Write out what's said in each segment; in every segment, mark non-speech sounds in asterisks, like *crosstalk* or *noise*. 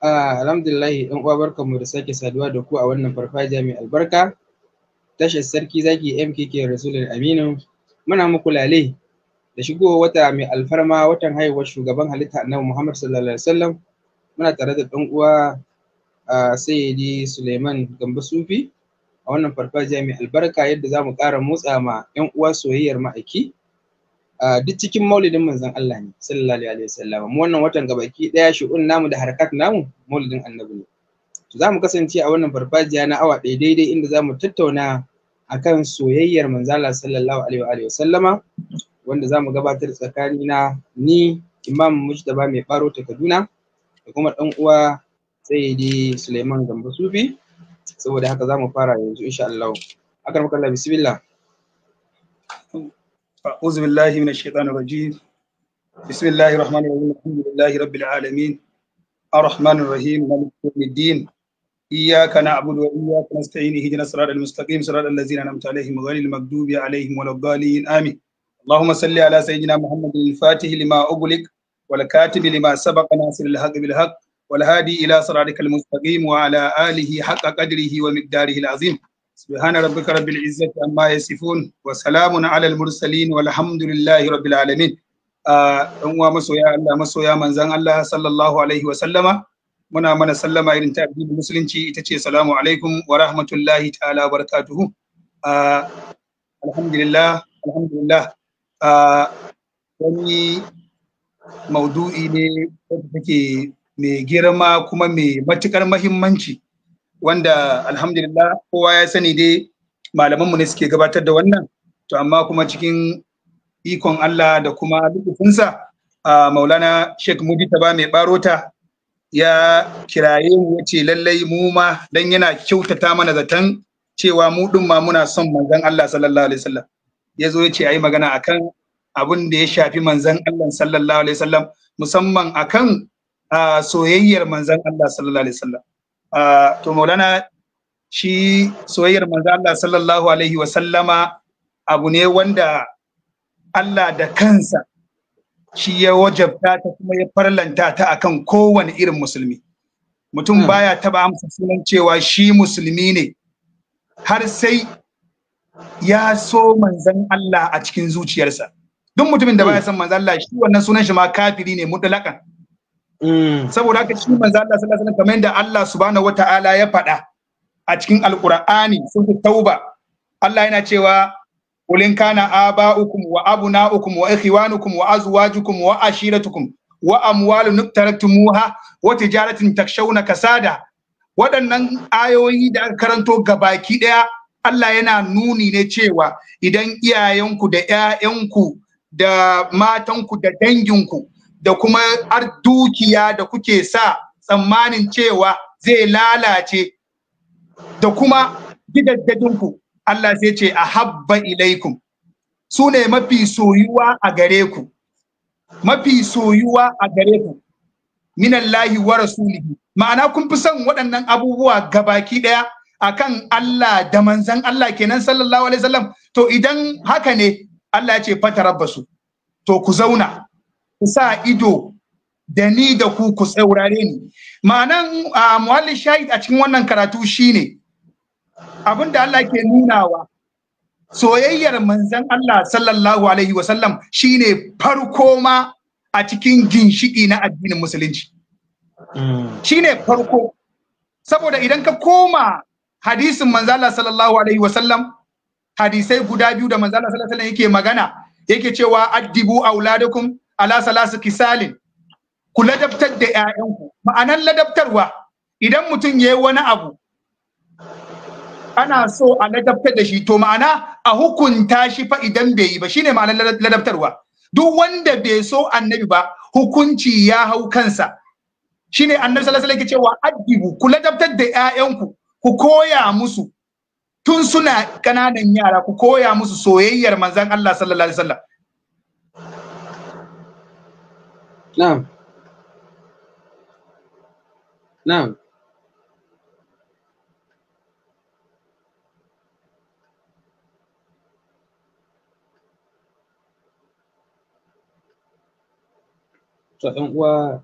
Ah, alhamdulillahi ɗan uwa mu da sake saduwa da ku a wannan farfajiya mai albarka tashar sarki zaki mkk rasulun aminu muna muku lale da shigo wata mai alfarma watan haihuwar shugaban halitta annabi muhammad sallallahu alaihi wasallam muna tare da ɗan uwa ah, sayyidi suleiman gamba sufi a wannan farfajiya mai albarka yadda za mu ƙara motsa ma 'yan uwa soyayyar aiki. duk cikin maulidin manzon Allah ne sallallahu alaihi wasallam mu wannan watan gabaki daya shi'un namu da harkat namu maulidin annabi ne to za kasance a wannan farfajiya na awa ɗaya daidai inda zamu mu tattauna akan soyayyar manzala sallallahu alaihi wa wanda zamu mu gabatar tsakani na ni imam mujtaba mai baro ta kaduna da kuma ɗan uwa sayyidi suleiman gambo sufi saboda haka zamu fara yanzu insha Allah akan makalla bismillah أعوذ بالله من الشيطان الرجيم بسم الله الرحمن الرحيم الحمد لله رب العالمين الرحمن الرحيم مالك يوم الدين إياك نعبد وإياك نستعين اهدنا الصراط المستقيم صراط الذين أنعمت عليهم غير المغضوب عليهم ولا الضالين آمين اللهم صل على سيدنا محمد الفاتح لما أغلق والكاتب لما سبق ناصر الحق بالحق والهادي إلى صراطك المستقيم وعلى آله حق قدره ومقداره العظيم سبحان ربك رب العزة عما يصفون وسلام على المرسلين والحمد لله رب العالمين ɗan uwa masoya Allah masoya manzan Allah sallallahu alaihi wa sallama muna mana sallama irin ta addinin musulunci ita ce salamu alaikum wa rahmatullahi ta'ala wa barakatuhu alhamdulillah alhamdulillah wani maudu'i ne da take mai girma kuma mai matukar mahimmanci wanda alhamdulillah kowa ya sani dai malamanmu ne suke gabatar da wannan to amma kuma cikin ikon Allah da kuma lukufinsa a maulana sheikh ba mai barota ya kiraye mu ya ce lallai mu ma dan yana kyautata mana zaton cewa mu din ma muna son manzon Allah sallallahu alaihi wasallam ya zo ya ce ayi magana akan abin da ya shafi manzon Allah sallallahu alaihi wasallam musamman akan soyayyar manzon Allah sallallahu alaihi wasallam to maulana shi soyayyar manzo Allah sallallahu alaihi wa sallama abu ne wanda Allah da kansa shi ya wajabta ta kuma ya farlanta ta akan kowane irin musulmi mutum hmm. baya taba amsa sunan cewa shi musulmi ne har sai ya so manzan Allah a cikin zuciyarsa duk mutumin da baya hmm. son manzan Allah shi wannan sunan shi ma kafiri ne mutlaqan Mm. saboda haka shi manzo Allah sallallahu alaihi wasallam kamar da Allah subhanahu wataala ya faɗa a cikin alqur'ani sun tauba Allah yana cewa ulin kana aba'ukum wa abuna'ukum wa ikhwanukum wa azwajukum wa ashiratukum wa amwalun iktaraktumuha wa tijaratin takshawna kasada waɗannan ayoyi da aka karanto gabaki ɗaya Allah yana nuni ne cewa idan iyayenku da 'ya'yanku da matanku da danginku da kuma dukiya da kuke sa tsammanin cewa zai lalace da kuma gidaddadinku Allah sai ce a habba ilaikum su ne mafi soyuwa a gare ku mafi soyuwa a gare ku minallahi wa rasulihi ma'ana kun fi son waɗannan abubuwa gabaki ɗaya akan Allah da manzon Allah kenan sallallahu alaihi wasallam to idan haka ne Allah ya ce fatarabbasu to ku zauna ku sa ido da ni da ku ku saurare ni ma'anan muhallin shahid a cikin wannan karatu shine abin da Allah ke nunawa soyayyar manzon Allah sallallahu alaihi wasallam shine farko ma a cikin ginshiki na addinin musulunci mm. shine farko saboda idan ka koma hadisin Allah sallallahu alaihi wasallam hadisai guda biyu da Allah sallallahu alaihi wasallam yake magana yake cewa addibu auladakum ala salasu kisalin ku ladabtar da ƴaƴanku ma'anan ladabtarwa idan mutum ya wani abu ana so a ladabtar da shi to ma'ana a hukunta shi fa idan bai yi ba shine ma'anar ladabtarwa duk wanda bai so annabi ba hukunci ya hau kansa shine annabi sallallahu alaihi wasallam cewa addibu ku ladabtar da ƴaƴanku ku koya musu tun suna ƙananan yara ku koya musu soyayyar manzon Allah sallallahu alaihi wasallam نعم نعم to uwa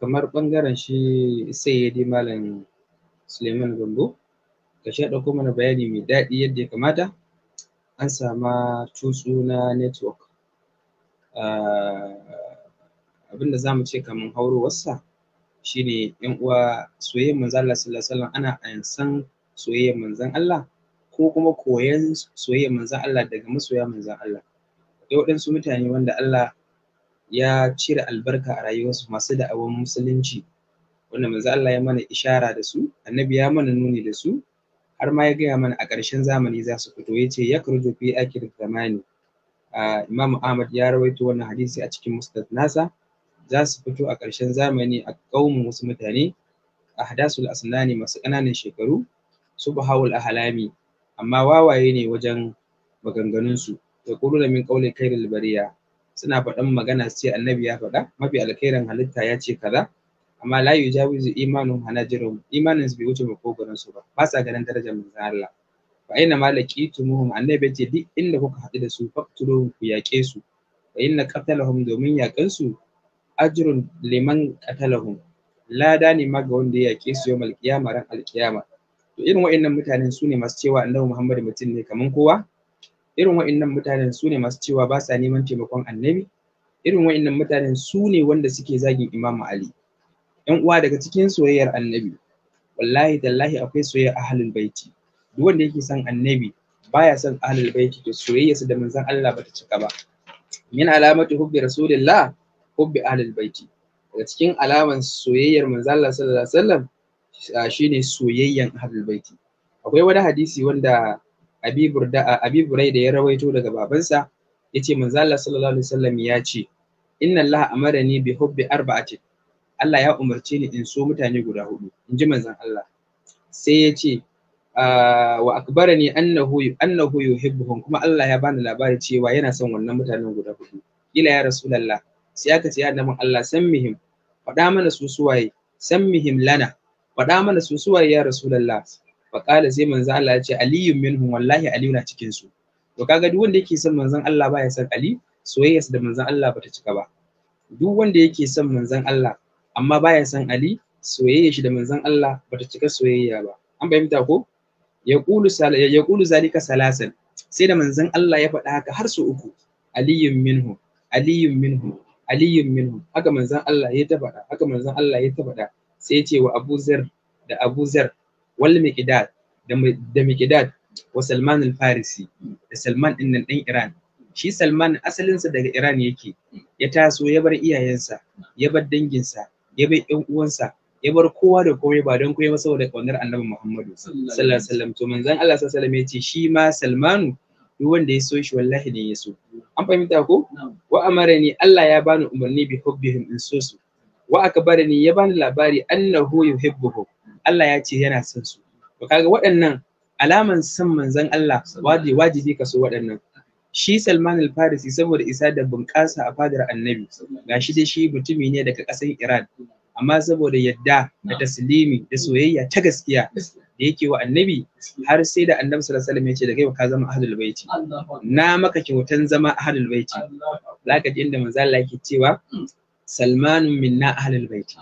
kamar ɓangaren shi sai ya di malam Suleiman Gambo ka ya ɗauko mana bayani mai daɗi yadda ya kamata an sama tutsu na network ah, abinda mu ce kaman haurowarsa shine yan uwa soyayyar manzon Allah sallallahu alaihi wasallam ana ansan soyayyar manzon Allah ko kuma koyan soyayyar manzon Allah daga masoya manzon Allah akwai waɗansu mutane wanda Allah ya cire albarka a rayuwarsu masu da'awar musulunci wanda manzon Allah ya mana ishara da su annabi ya mana nuni da su har ma ya gaya mana a ƙarshen zamani za su fito ya ce yakruju fi akhir zamani ah, Imam Ahmad ya rawaito wannan hadisi a cikin mustad nasa za su fito a ƙarshen zamani a ƙaumin wasu mutane a hadasul asnani masu ƙananan shekaru Su subhawul ahlami amma wawaye ne wajen maganganunsu da da min ƙaulin kairil bariya suna faɗan magana sai annabi ya faɗa mafi alkairin halitta ya ce kaza amma la yujawizu imanun hanajirum imanin su bai wuce makogoron su ba ba sa ganin darajar manzon Allah fa aina tumuhum annabi ce duk inda kuka haɗu da su faqtuluhum ku yaƙe su fa inna qatalahum domin yaƙan ajrun liman qatalahum lada ne ma ga wanda ya yake su yawmal qiyama ran alqiyama to irin wa'annan mutanen su masu cewa annabi Muhammad mutum ne kaman kowa irin wa'annan mutanen su masu cewa ba sa neman taimakon annabi irin wa'annan mutanen su wanda suke zagin Imam Ali yan uwa daga cikin soyayyar annabi wallahi tallahi akwai soyayyar ahlul baiti duk wanda yake son annabi baya son ahlul baiti to soyayyarsa da manzon Allah bata cika ba min alamatu hubbi rasulillah hubbi ahlul baiti daga cikin alaman soyayyar manzo Allah sallallahu alaihi wasallam ah, shine soyayyan ahlul baiti akwai wani hadisi wanda Abi Burda ah, Abi da ya rawaito daga babansa yace manzo Allah sallallahu alaihi wasallam ya ce inna Allah amarani bi hubbi arba'ati Allah ya umarce ni in so mutane guda hudu in ji manzon Allah sai ya ce ah, wa akbarani annahu annahu yuhibbuhum kuma Allah ya bani labari cewa yana son wannan mutanen guda hudu ila ya rasulullah sai aka ce annabin Allah san mihim faɗa mana su suwaye san mihim lana faɗa mana su suwaye ya rasulullah sai manzo Allah ya ce aliyun minhum wallahi aliyu na cikin su to kaga duk wanda yake son manzon Allah baya san ali soyayya da manzon Allah bata cika ba duk wanda yake son manzon Allah amma baya san ali soyayya shi da manzon Allah bata cika soyayya ba an fahimta ko ya kulu zalika salasan sai da manzon Allah ya faɗa haka har su uku aliyun minhum aliyun minhu aliyyun minhu haka manzon Allah ya tabbata haka manzon Allah ya tabbata sai ya ce wa Abu Zar da Abu Zar wal Miqdad da Miqdad wa Salman al-Farisi da Salman din nan dan Iran shi Salman asalinsa daga Iran yake ya taso ya bar iyayensa ya bar danginsa ya bar ƴan uwansa ya bar kowa da komai ba don komai saboda kaunar Annabi Muhammadu sallallahu alaihi wasallam to manzon Allah sallallahu alaihi wasallam ya ce shi ma Salmanu duk wanda ya so shi wallahi ne ya so an fahimta ko wa amarani Allah ya bani umarni bi hubbihim in so su wa akbarani ya bani labari annahu yuhibbuhum Allah ya ce yana son su to kaga waɗannan alaman san manzon Allah wajibi wajibi ka so waɗannan shi Salman al-Farisi saboda isa da bunƙasa a fadar annabi gashi dai shi mutumi ne daga ƙasar Iran amma saboda yadda da taslimi da soyayya ta gaskiya da yake wa annabi har sai da annabi sallallahu alaihi wasallam ya ce da kai ka zama ahlul baiti na maka kyautan zama ahlul baiti zaka ji inda manzo Allah yake cewa hmm. salmanun minna ahlul baiti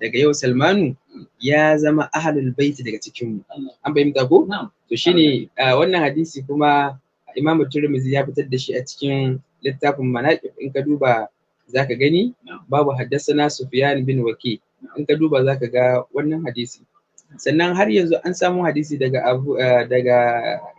daga yau salmanu ya zama ahlul baiti daga cikin mu an fahimta ko to shine ah, wannan hadisi kuma imam turmizi ya fitar da shi a cikin littafin manaqib in ka duba zaka gani babu haddasa na sufyan bin waki in ka duba zaka ga wannan hadisi sannan har yanzu an samu hadisi daga abu eh, daga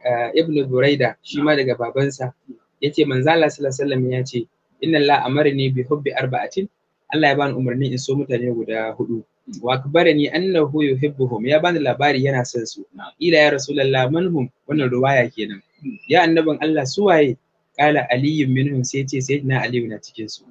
eh, ibn buraida shi ma daga babansa yace manzo Allah sallallahu alaihi wasallam ya ce inna Allah amarni bi hubbi arba'atin Allah ya bani umarni in so mutane guda hudu wa akbarani annahu yuhibbuhum ya bani labari yana son su ila ya rasulullah manhum wannan ruwaya kenan ya annabin Allah su waye kala aliyu minhum sai ce sai na aliyu na cikin su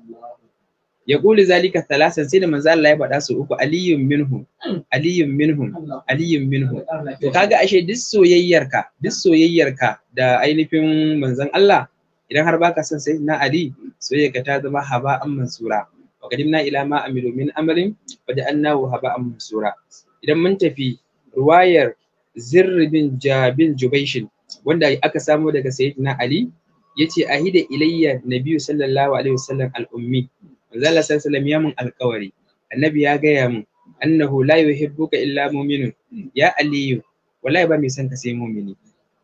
ya zali ka talasan sai da manzo Allah ya su uku aliyun minhum aliyun minhum aliyun minhum to kaga ashe duk soyayyarka duk soyayyarka da ainihin manzon Allah idan har baka son sai na Ali soyayyarka ta zama haba'an mansura wa qadimna ila ma amilu min amalin faja'alnahu haba'an mansura idan mun tafi ruwayar zirr bin jabin jubaishin wanda aka samo daga sayyidina Ali ya yace ahida ilayya nabiyyu sallallahu alaihi wasallam al-ummi manzo san salam ya mun alkawari annabi ya gaya mun annahu la yuhibbuka illa mu'minun ya aliyu wallahi ba mai son ka sai mu'mini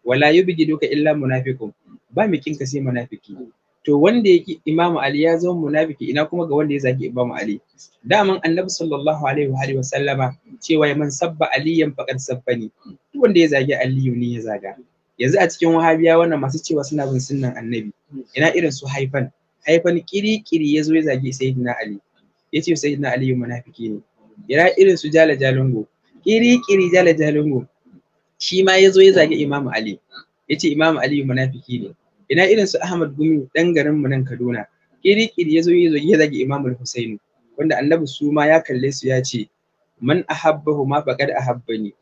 wala yubghiduka illa munafiqun ba mai kin ka sai munafiki to wanda yake Imamu Ali ya zama munafiki ina kuma ga wanda ya zagi imamu Ali daman Annabi sallallahu alaihi wa alihi Sallama cewa man sabba aliyan faqad sabbani duk wanda ya zagi Aliyu ne ya zaga yanzu a cikin wahabiya wannan masu cewa suna bin sunnan Annabi ina irin su haifan ai fa kiri-kiri ya zo ya zage sayyidina ali ya ce sayyidina ali munafiki ne ira irin su jala jalungo kiri-kiri jala jalungo shi ma ya zo ya zage imam ali ya ce imam ali munafiki ne ina irin su ahmad gumi dan garin mu nan kaduna kiri-kiri ya zo ya zage imam al husaini wanda annabi su ma ya kalle su ya ce man ahabbahu ma faqad ahabbani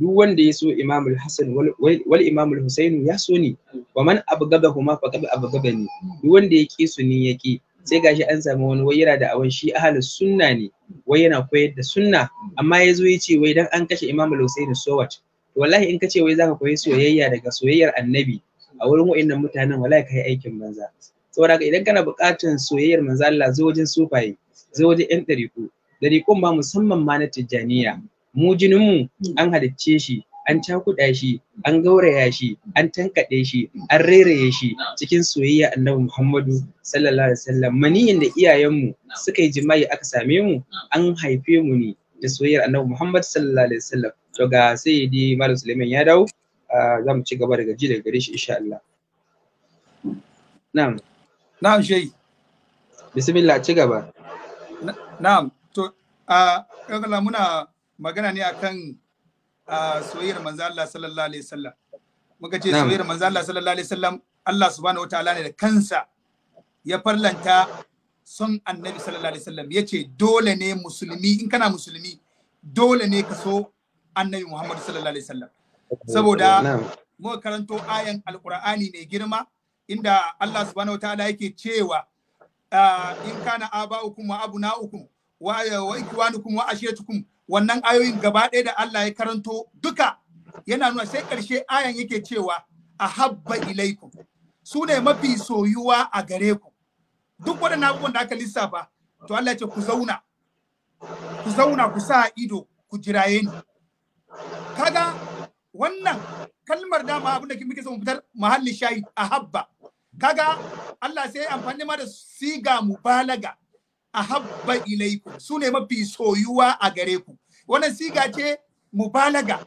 duk wanda ya so Imam Hassan wal Imam Husainu ya so ni wa man abghadahu ma faqad abghadani duk wanda ya ke su ni yake sai gashi an samu wani wai da awan shi ahlus sunna ne wai yana koyar da sunna amma ya zo ya ce wai dan an kashe Imam Husainu so what wallahi in ka ce wai zaka koyi soyayya daga soyayyar annabi a wurin wa'annan mutanen wallahi kai aikin banza saboda idan kana buƙatar soyayyar manzo Allah zo wajen sufaye zo wajen yan ɗariku ɗariƙun ma musamman ma na tijjaniya mu mu hmm. an halicce shi an cakuɗa shi an gauraya shi an tankaɗe shi an rairaye shi cikin soyayya annabi muhammadu sallallahu alaihi wasallam maniyin da iyayenmu suka yi jima'i aka same mu an haife mu ne da soyayyar annabi Muhammadu sallallahu alaihi wasallam to ga sai dai malam suleiman ya dawo za mu ci gaba daga ji daga gare shi insha Allah na'am na'am shey bismillah ci gaba na'am a Allah muna magana ne akan soyayyar manzo Allah sallallahu alaihi wasallam muka ce soyayyar manzo Allah sallallahu alaihi wasallam Allah subhanahu wataala ne da kansa ya farlanta son annabi sallallahu alaihi wasallam yace dole ne musulmi in kana musulmi dole ne ka so annabi Muhammad sallallahu alaihi wasallam saboda muka karanto ayan alqur'ani mai girma inda Allah subhanahu wataala yake cewa in kana aba'ukum wa abna'ukum wa wa ikwanukum wa ashiyatukum wannan ayoyin gaba ɗaya da Allah ya karanto duka yana nuna sai ƙarshe ayan yake cewa habba ilaikum su ne mafi soyuwa a gare ku duk waɗannan abubuwan da aka lissafa to Allah ya ce ku zauna ku zauna ku sa ido ku jiraye ni kaga wannan kalmar dama abin da muke son fitar mahalli shayi habba kaga Allah sai amfani ma da siga mubalaga ahabba ilaiku. su ne mafi soyuwa a gare ku wannan siga ce mubalaga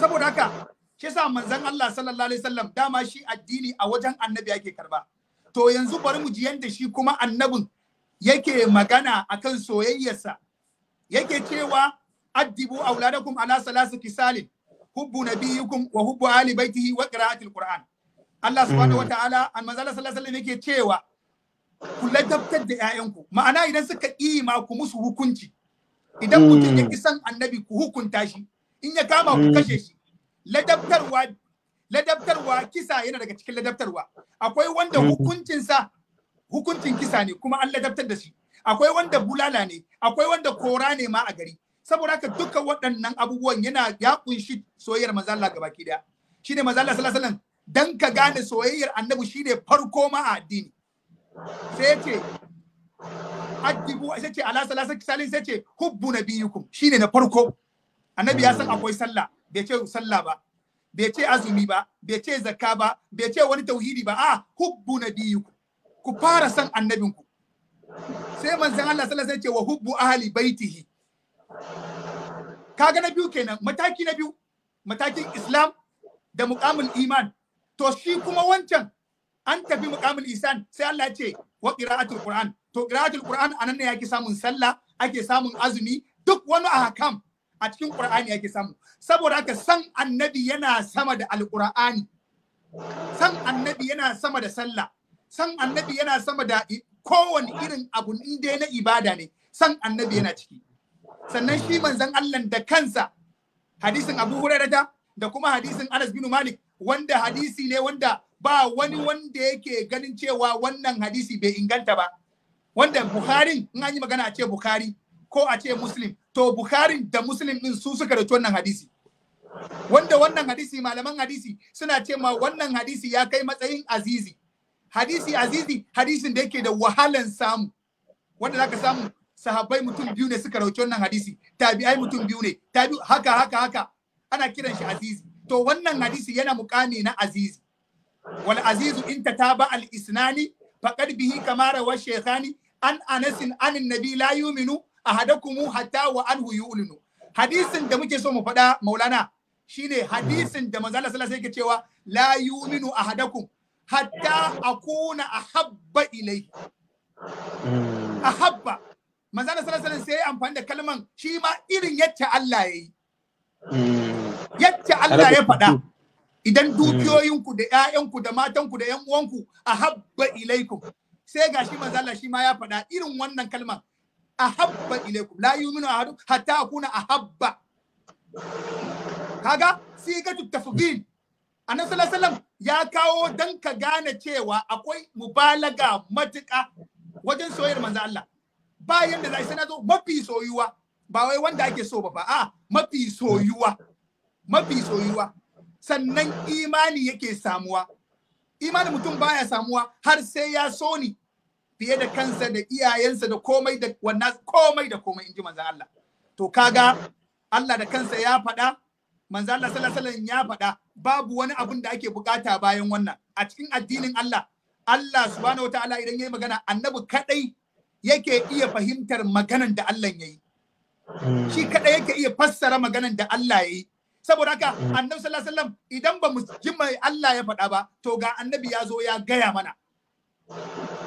saboda haka shi yasa manzan Allah sallallahu alaihi wasallam dama shi addini a wajen annabi yake karba to yanzu bari mu ji yanda shi kuma annabin yake magana akan soyayyarsa yake cewa addibu auladakum ala salasu kisalin hubbu nabiyikum wa hubbu ali baitihi wa qira'atil qur'an Allah subhanahu wataala hmm. an Allah sallallahu alaihi wasallam yake cewa ku ladabtar da ƴaƴanku ma'ana idan suka ƙi ma ku musu hukunci idan mutum ya kisan annabi ku hukunta shi in ya kama ku kashe shi ladabtarwa ladabtarwa kisa yana daga cikin ladabtarwa akwai wanda mm. hukuncinsa hukuncin kisa ne kuma an ladabtar da shi akwai wanda bulala ne akwai wanda kora ne ma a gari saboda haka dukkan waɗannan abubuwan yana ya kunshi soyayyar manzo Allah gabaki daya shine manzo Allah sallallahu alaihi wasallam dan ka gane soyayyar annabi shine farko ma a addini sai ce addibu sai ce ala salasa salin sai ce hubbu nabiyukum shine na farko annabi ya san hmm. akwai sallah bai ce sallah ba bai ce azumi ba bai ce zakka ba bai ce wani tauhidi ba a hubbu nabiyukum ku fara san annabinku sai manzon Allah sallallahu alaihi wasallam ce wa hubbu ahli baitihi kaga na biyu kenan mataki na biyu matakin islam da muqamul iman to shi kuma wancan an tafi muƙamul isan sai Allah ya ce wa qira'atul qur'an to qira'atul qur'an anan ne yake samun sallah ake samun azumi duk wani ahkam a cikin qur'ani yake samu saboda haka san annabi yana sama da alqur'ani san annabi yana sama da sallah san annabi yana sama da kowane irin abu inda dai na ibada ne san annabi yana ciki sannan shi manzon Allah da kansa hadisin Abu Hurairah da kuma hadisin Anas bin Malik wanda hadisi ne wanda ba wani wanda yake ganin cewa wannan hadisi bai inganta ba wanda Bukhari in an yi magana a ce Bukhari ko a ce Muslim to Bukhari da Muslim din su suka da wannan hadisi wanda wannan hadisi malaman hadisi suna ce wannan hadisi ya kai matsayin azizi hadisi azizi hadisin da yake da wahalan samu wanda zaka samu sahabbai mutum biyu ne suka rauki wannan hadisi tabi'ai mutum biyu ne tabi haka haka haka ana kiran shi azizi to wannan hadisi yana mukami na azizi wal azizu ta ba al isnani faqad bihi kama rawa shaykhani an anasin an annabi la yuminu ahadakum hatta wa anhu yulinu hadisin da muke so mu faɗa maulana shine hadisin da manzo Allah sallallahu alaihi cewa la yuminu ahadakum hatta akuna ahabba ilai hmm. ahabba manzo Allah sallallahu alaihi sai amfani da kalman shi ma irin yacce Allah yayi hmm. yacce Allah ya faɗa idan hmm. dukiyoyinku da ƴaƴanku da matanku da ƴan uwanku a habba ilaikum sai gashi manzala shi ma ya faɗa irin wannan kalma a habba ilaikum la yuminu ahadu hatta akuna a habba kaga sigatu tafdil annabi sallallahu alaihi ya kawo dan ka gane cewa akwai mubalaga matuƙa wajen soyayyar manzo Allah bayan da zai sai zo mafi soyuwa ba wai wanda ake so ba ba a mafi soyuwa mafi soyuwa sannan imani yake samuwa imanin mutum baya samuwa har sai ya so ni fiye da kansa da iyayensa da komai da wannan komai da komai inji manzon Allah to kaga Allah da kansa ya faɗa manzo Allah sallallahu ya faɗa babu wani abun da ake bukata bayan wannan a cikin addinin Allah Allah subhanahu wataala idan yayi magana annabi kadai yake iya fahimtar maganan da Allah yayi shi kadai yake iya fassara maganan da Allah yayi saboda haka mm. annabi sallallahu alaihi wasallam idan ba mu ji mai Allah ya faɗa ba to ga annabi ya zo ya gaya mana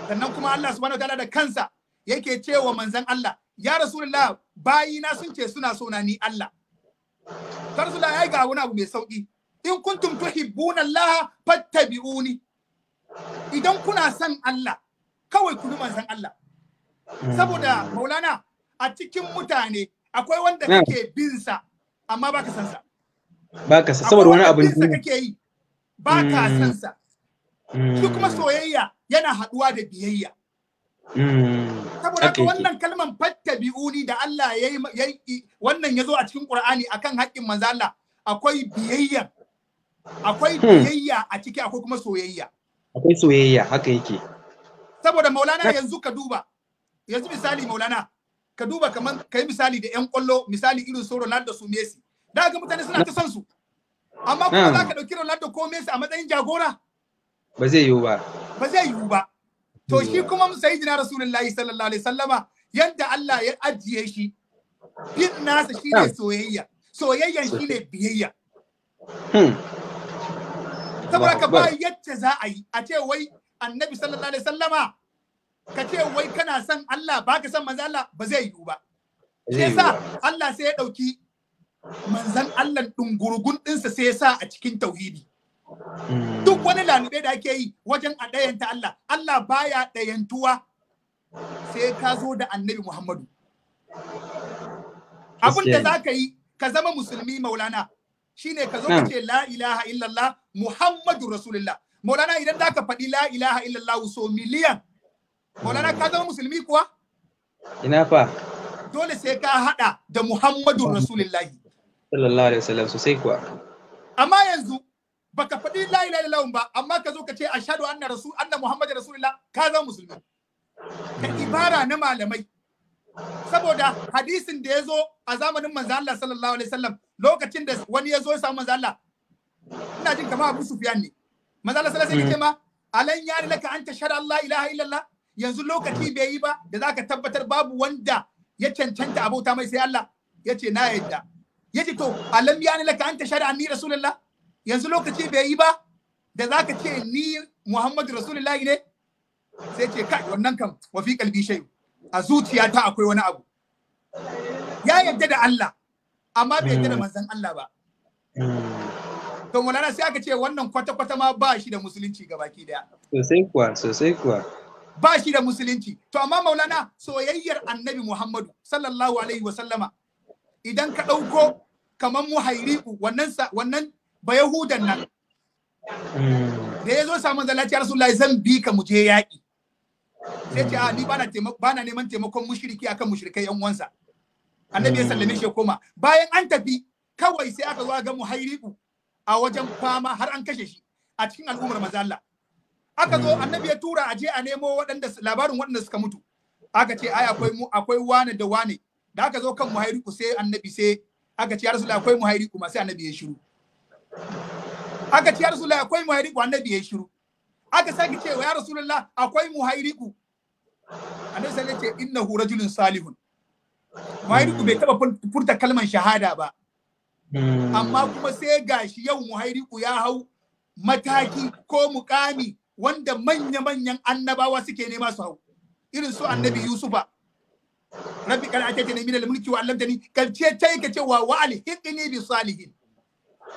sannan kuma Allah subhanahu wataala da kansa yake cewa manzon Allah ya rasulullah bayina sun ce suna sona ni Allah rasulullah ya ga wani abu mai sauki in kuntum tuhibbuna Allah fattabi'uni idan kuna son Allah kawai ku bi manzon Allah mm. saboda maulana a cikin mutane akwai wanda kake bin sa amma baka san sa ba ka sa saboda wani abin da kake yi ba ka san sa shi mm. kuma soyayya yana haduwa da biyayya mm. saboda wannan kalman fattabi'uni da Allah ya yi wannan ya zo a cikin Qur'ani akan haƙƙin manzo Allah akwai biyayya akwai hmm. biyayya a ciki akwai kuma soyayya akwai soyayya haka yake saboda maulana yanzu ka duba yanzu misali maulana ka duba kaman kai misali da yan kwallo misali irin su Ronaldo su Messi da ga mutane suna ta san su amma kuma za ka dauki Ronaldo ko Messi a matsayin jagora ba zai yiwu ba ba zai yiwu ba to shi kuma sayyidina rasulullahi sallallahu alaihi sallama yanda Allah ya ajiye shi bin nasa shine soyayya soyayyan shine biyayya hmm. saboda ka ba yadda za a yi a ce wai annabi sallallahu alaihi sallama ka ce wai kana son Allah baka son manzo Allah ba zai yiwu ba shi yasa Allah sai ya dauki manzan Allah dungurgun ɗinsa sai ya sa a cikin tauhidi. Hmm. Duk wani lalube da ake yi wajen a ɗayanta Allah, Allah baya ɗayantuwa sai ka zo da annabi Muhammadu. Abin da za ka yi, ka zama musulmi maulana, shine ka zo ka ce la ilaha illallah Muhammadu Rasulullah. Maulana idan za ka faɗi la ilaha illallah so miliyan, maulana ka zama musulmi kuwa? Ina fa. Dole sai ka haɗa da Muhammadu Rasulullahi. sallallahu alaihi wasallam sosai kuwa amma yanzu baka faɗi la ilaha illallah ba amma ka zo ka ce ashhadu anna rasul anna muhammadar rasulullah ka zama musulmi Ka ibara na malamai saboda hadisin da ya zo a zamanin manzo Allah sallallahu alaihi wasallam lokacin da wani ya zo ya samu manzo Allah ina jin kamar Abu Sufyan ne manzo Allah sallallahu alaihi wasallam alan yari laka an tashhadu Allah ilaha illallah yanzu lokaci bai yi ba da zaka tabbatar babu wanda ya cancanta abota mai sai Allah yace na yadda yace to alam ni laka anta shari'a ni rasulullah yanzu lokaci bai yi ba da zaka ce ni muhammadu rasulullah ne sai ce kai wannan kam wa fi kalbi shay a zuciyata akwai wani abu ya yadda da Allah amma bai yadda da manzon Allah ba to mulana sai aka ce wannan kwata-kwata ma ba shi da musulunci ga baki daya sosai kuwa sosai kuwa ba shi da musulunci to amma maulana soyayyar annabi muhammadu sallallahu alaihi wa sallama idan ka ɗauko kamar muhairiku wannan wannan bayahudan nan hmm. da ya zo samu zala ce rasulullahi zan bi ka muje yaƙi sai ce a ah, ni bana neman taimakon mushriki akan mushrikai yan uwansa annabi ya sallame shi koma bayan an tafi kawai sai aka zo ga muhairiku a wajen fama har an kashe shi a cikin al'ummar maza Allah aka zo hmm. annabi ya tura a je a nemo waɗanda labarin waɗanda suka mutu aka ce ai akwai akwai wane da wane da aka zo kan muhairiku sai annabi sai aka ce ya rasulullah akwai muhairiku ma sai annabi ya shiru aka ce ya rasulullah akwai muhairiku annabi ya shiru aka saki ce ya rasulullah akwai muhairiku annabi sai ce innahu rajulun salihun muhairiku bai taba furta kalmar shahada ba hmm. amma kuma sai gashi yau muhairiku ya hau mataki ko mukami wanda manya-manyan annabawa suke nema su hau irin su annabi hmm. yusufa rabbi qad ataytani min al-mulki wa 'allamtani kalce tai ka cewa wa alhiqni bi salihin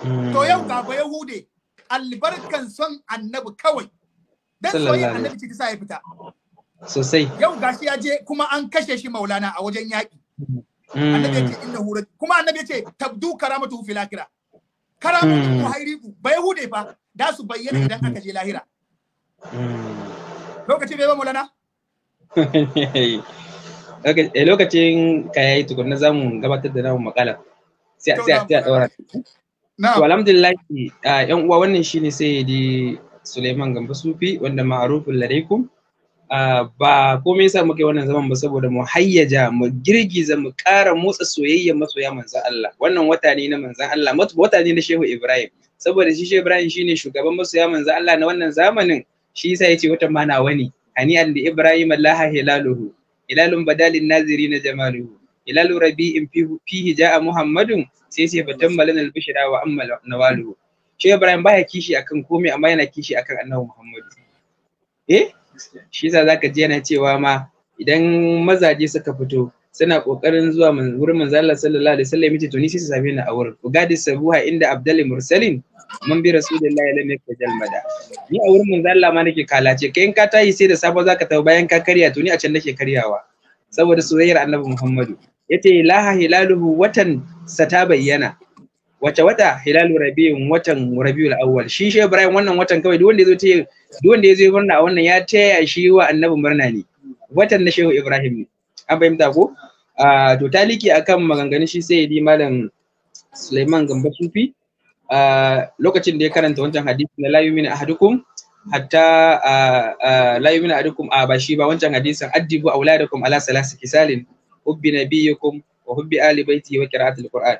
hmm. to yau ga ba yahude albarkan son annabi kawai dan soyayya annabi ce ta fita sosai yau gashi ya je kuma an kashe shi maulana a wajen yaƙi hmm. annabi yace inna hura kuma annabi yace tabdu karamatu fil akhirah karamatu hmm. muhairiku ba yahude fa da su bayyana idan aka je lahira lokaci bai ba maulana *laughs* Eh, lokacin ka yayi tukunna za mu gabatar da namu makala sai a sai a daura to alhamdulillahi yan uwa wannan shine sai di Suleiman Gambo Sufi wanda ma'arufin larekum ba komai yasa muke wannan zaman ba saboda mu hayyaja mu girgiza mu ƙara motsa soyayya masoya manzon Allah wannan wata ne na manzon Allah wata ne na Shehu Ibrahim saboda shi Shehu Ibrahim shine shugaban masoya manzon Allah na wannan zamanin shi yasa yace wata ma wani, ani hani al Ibrahim Allah hilaluhu ilalun badalin naziri na jamaluhu ilalu rabi'in fihi ja'a muhammadun sai sai fatan malan albishira wa amma nawaluhu shi ibrahim baya kishi akan komai amma yana kishi akan annabi muhammadu eh shi yasa zaka ji yana cewa ma idan mazaje suka fito suna kokarin zuwa wurin manzo Allah sallallahu alaihi wasallam yace to ni sai su same ni a wurin ku gadi sabuha inda abdal mursalin mun bi rasulullahi lam yakjal jalmada ni a wurin manzo Allah ma nake kalace kai in ka tayi sai da sabo zaka tawo bayan ka karya to ni a can nake karyawa saboda soyayyar annabi Muhammadu yace laha hilaluhu watan sata bayyana wace wata hilalu rabi'un watan rabiul awwal shi shi Ibrahim wannan watan kawai duk wanda yazo ce duk wanda yazo murna a wannan ya taya shi wa annabi murna ne watan na shehu Ibrahim ne an fahimta ko Uh, to taliki akan maganganun shi sai di malam Suleiman Gamba Sufi lokacin da ya karanta wancan hadisi na la yumina ahadukum hatta la ahadukum a ba shi ba wancan hadisin addibu auladakum ala salasi kisalin hubbi nabiyyukum wa hubbi ali baiti wa qira'atul qur'an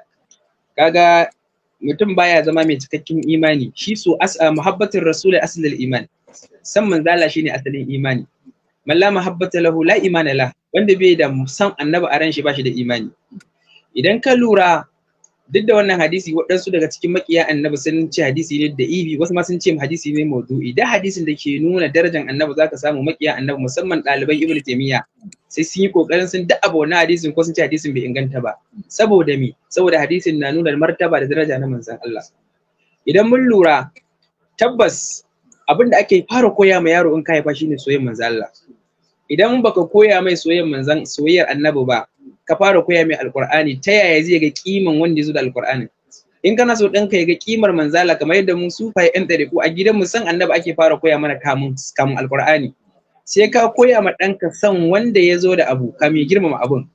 kaga mutum baya zama mai cikakken imani shi so as muhabbatin rasul aslul iman san manzala shine asalin imani man la mahabbata lahu la imana la wanda bai da san annabi a ran shi bashi da imani idan ka lura duk da wannan hadisi waɗansu daga cikin makiya annabi sun ce hadisi ne da ibi wasu ma sun ce hadisi ne maudu'i Idan hadisin da ke nuna darajar annabi zaka samu makiya annabi musamman ɗaliban ibnu taymiya sai sun yi kokarin sun da na hadisin ko sun ce hadisin bai inganta ba saboda me saboda hadisin na nuna martaba da daraja na manzon Allah idan mun lura tabbas abin da ake fara koya ma yaro in ka haifa shine soyayyar manzo Allah idan baka koya mai soyayyar manzon soyayyar annabi ba ka fara koya mai alqur'ani ta yaya zai ga kiman wanda ya da alqur'ani in kana so ɗanka ya ga kimar manzala kamar yadda mu sufaye yan ko a gidan mu san annabi ake fara koya mana kamun kamun alƙur'ani sai ka koya ma ɗanka san wanda ya zo da abu kamin girmama abun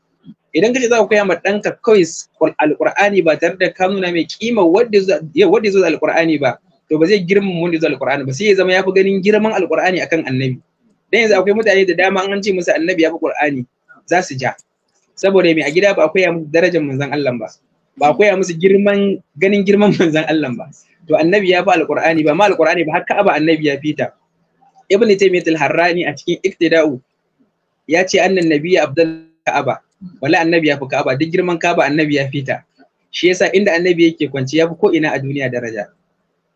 idan kace za ka koya ma ɗanka kawai alƙur'ani ba tare da ka nuna mai kimar wanda ya zo da alƙur'ani ba to ba zai girman wanda zuwa alqur'ani ba sai ya zama yafi ganin girman alqur'ani akan annabi dan yanzu akwai mutane da dama an ce musu annabi yafi qur'ani za su ja saboda me a gida ba akwai musu darajar manzon Allah ba ba akwai musu girman ganin girman manzon Allah ba to annabi ya fi alqur'ani ba ma alqur'ani ba har ba annabi ya fita ibn taymiyyah al-harrani a cikin iktida'u ya ce annan nabiyya abdul ka'aba wala annabi ya fi ka'aba duk girman ka'aba annabi ya fita shi yasa inda annabi yake kwanci ya fi ko ina a duniya daraja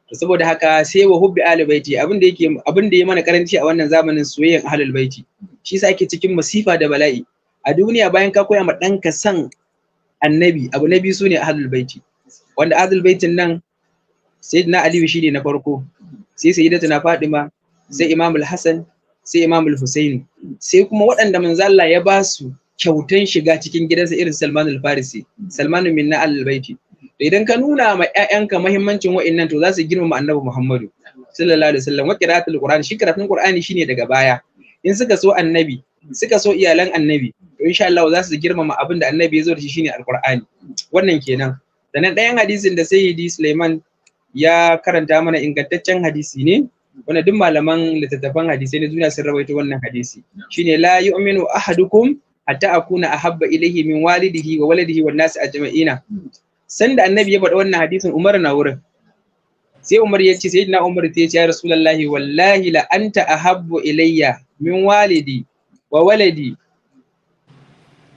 to saboda haka sai wa hubbi ahlul baiti abin da yake abin da ya mana karanci a wannan zamanin soyayyan ahlul baiti shi yasa ake cikin masifa da bala'i a duniya bayan ka koya ma ɗanka san annabi abu na biyu sune ahlul baiti wanda ahlul baitin nan sayyidina aliyu ne na farko sai na fadima sai imamul hasan sai imamul husaini sai kuma waɗanda manzo Allah ya ba su kyautan shiga cikin gidansa irin salmanul farisi Salman minna al-Baiti to idan ka nuna ma ƴaƴanka muhimmancin wa'annan to za su girmama annabi Muhammadu sallallahu alaihi wasallam wa qira'atul qur'ani shi karatun qur'ani shine daga baya in suka so annabi suka so iyalan annabi to insha Allah za su girma ma abin da annabi ya zo da shi shine alqur'ani wannan kenan sannan ɗayan hadisin da sayyidi Sulaiman ya karanta mana ingantaccen hadisi ne wanda duk malaman littattafan hadisai na duniya sun rawaito wannan hadisi shine la yu'minu ahadukum hatta akuna ahabba ilayhi min walidihi wa waladihi wan nasi ajma'ina sanda annabi ya faɗi wannan hadisin umar na wurin sai umar ya ce sayyidina umar ta ce ya rasulullahi wallahi la anta ahabbu ilayya min walidi wa waladi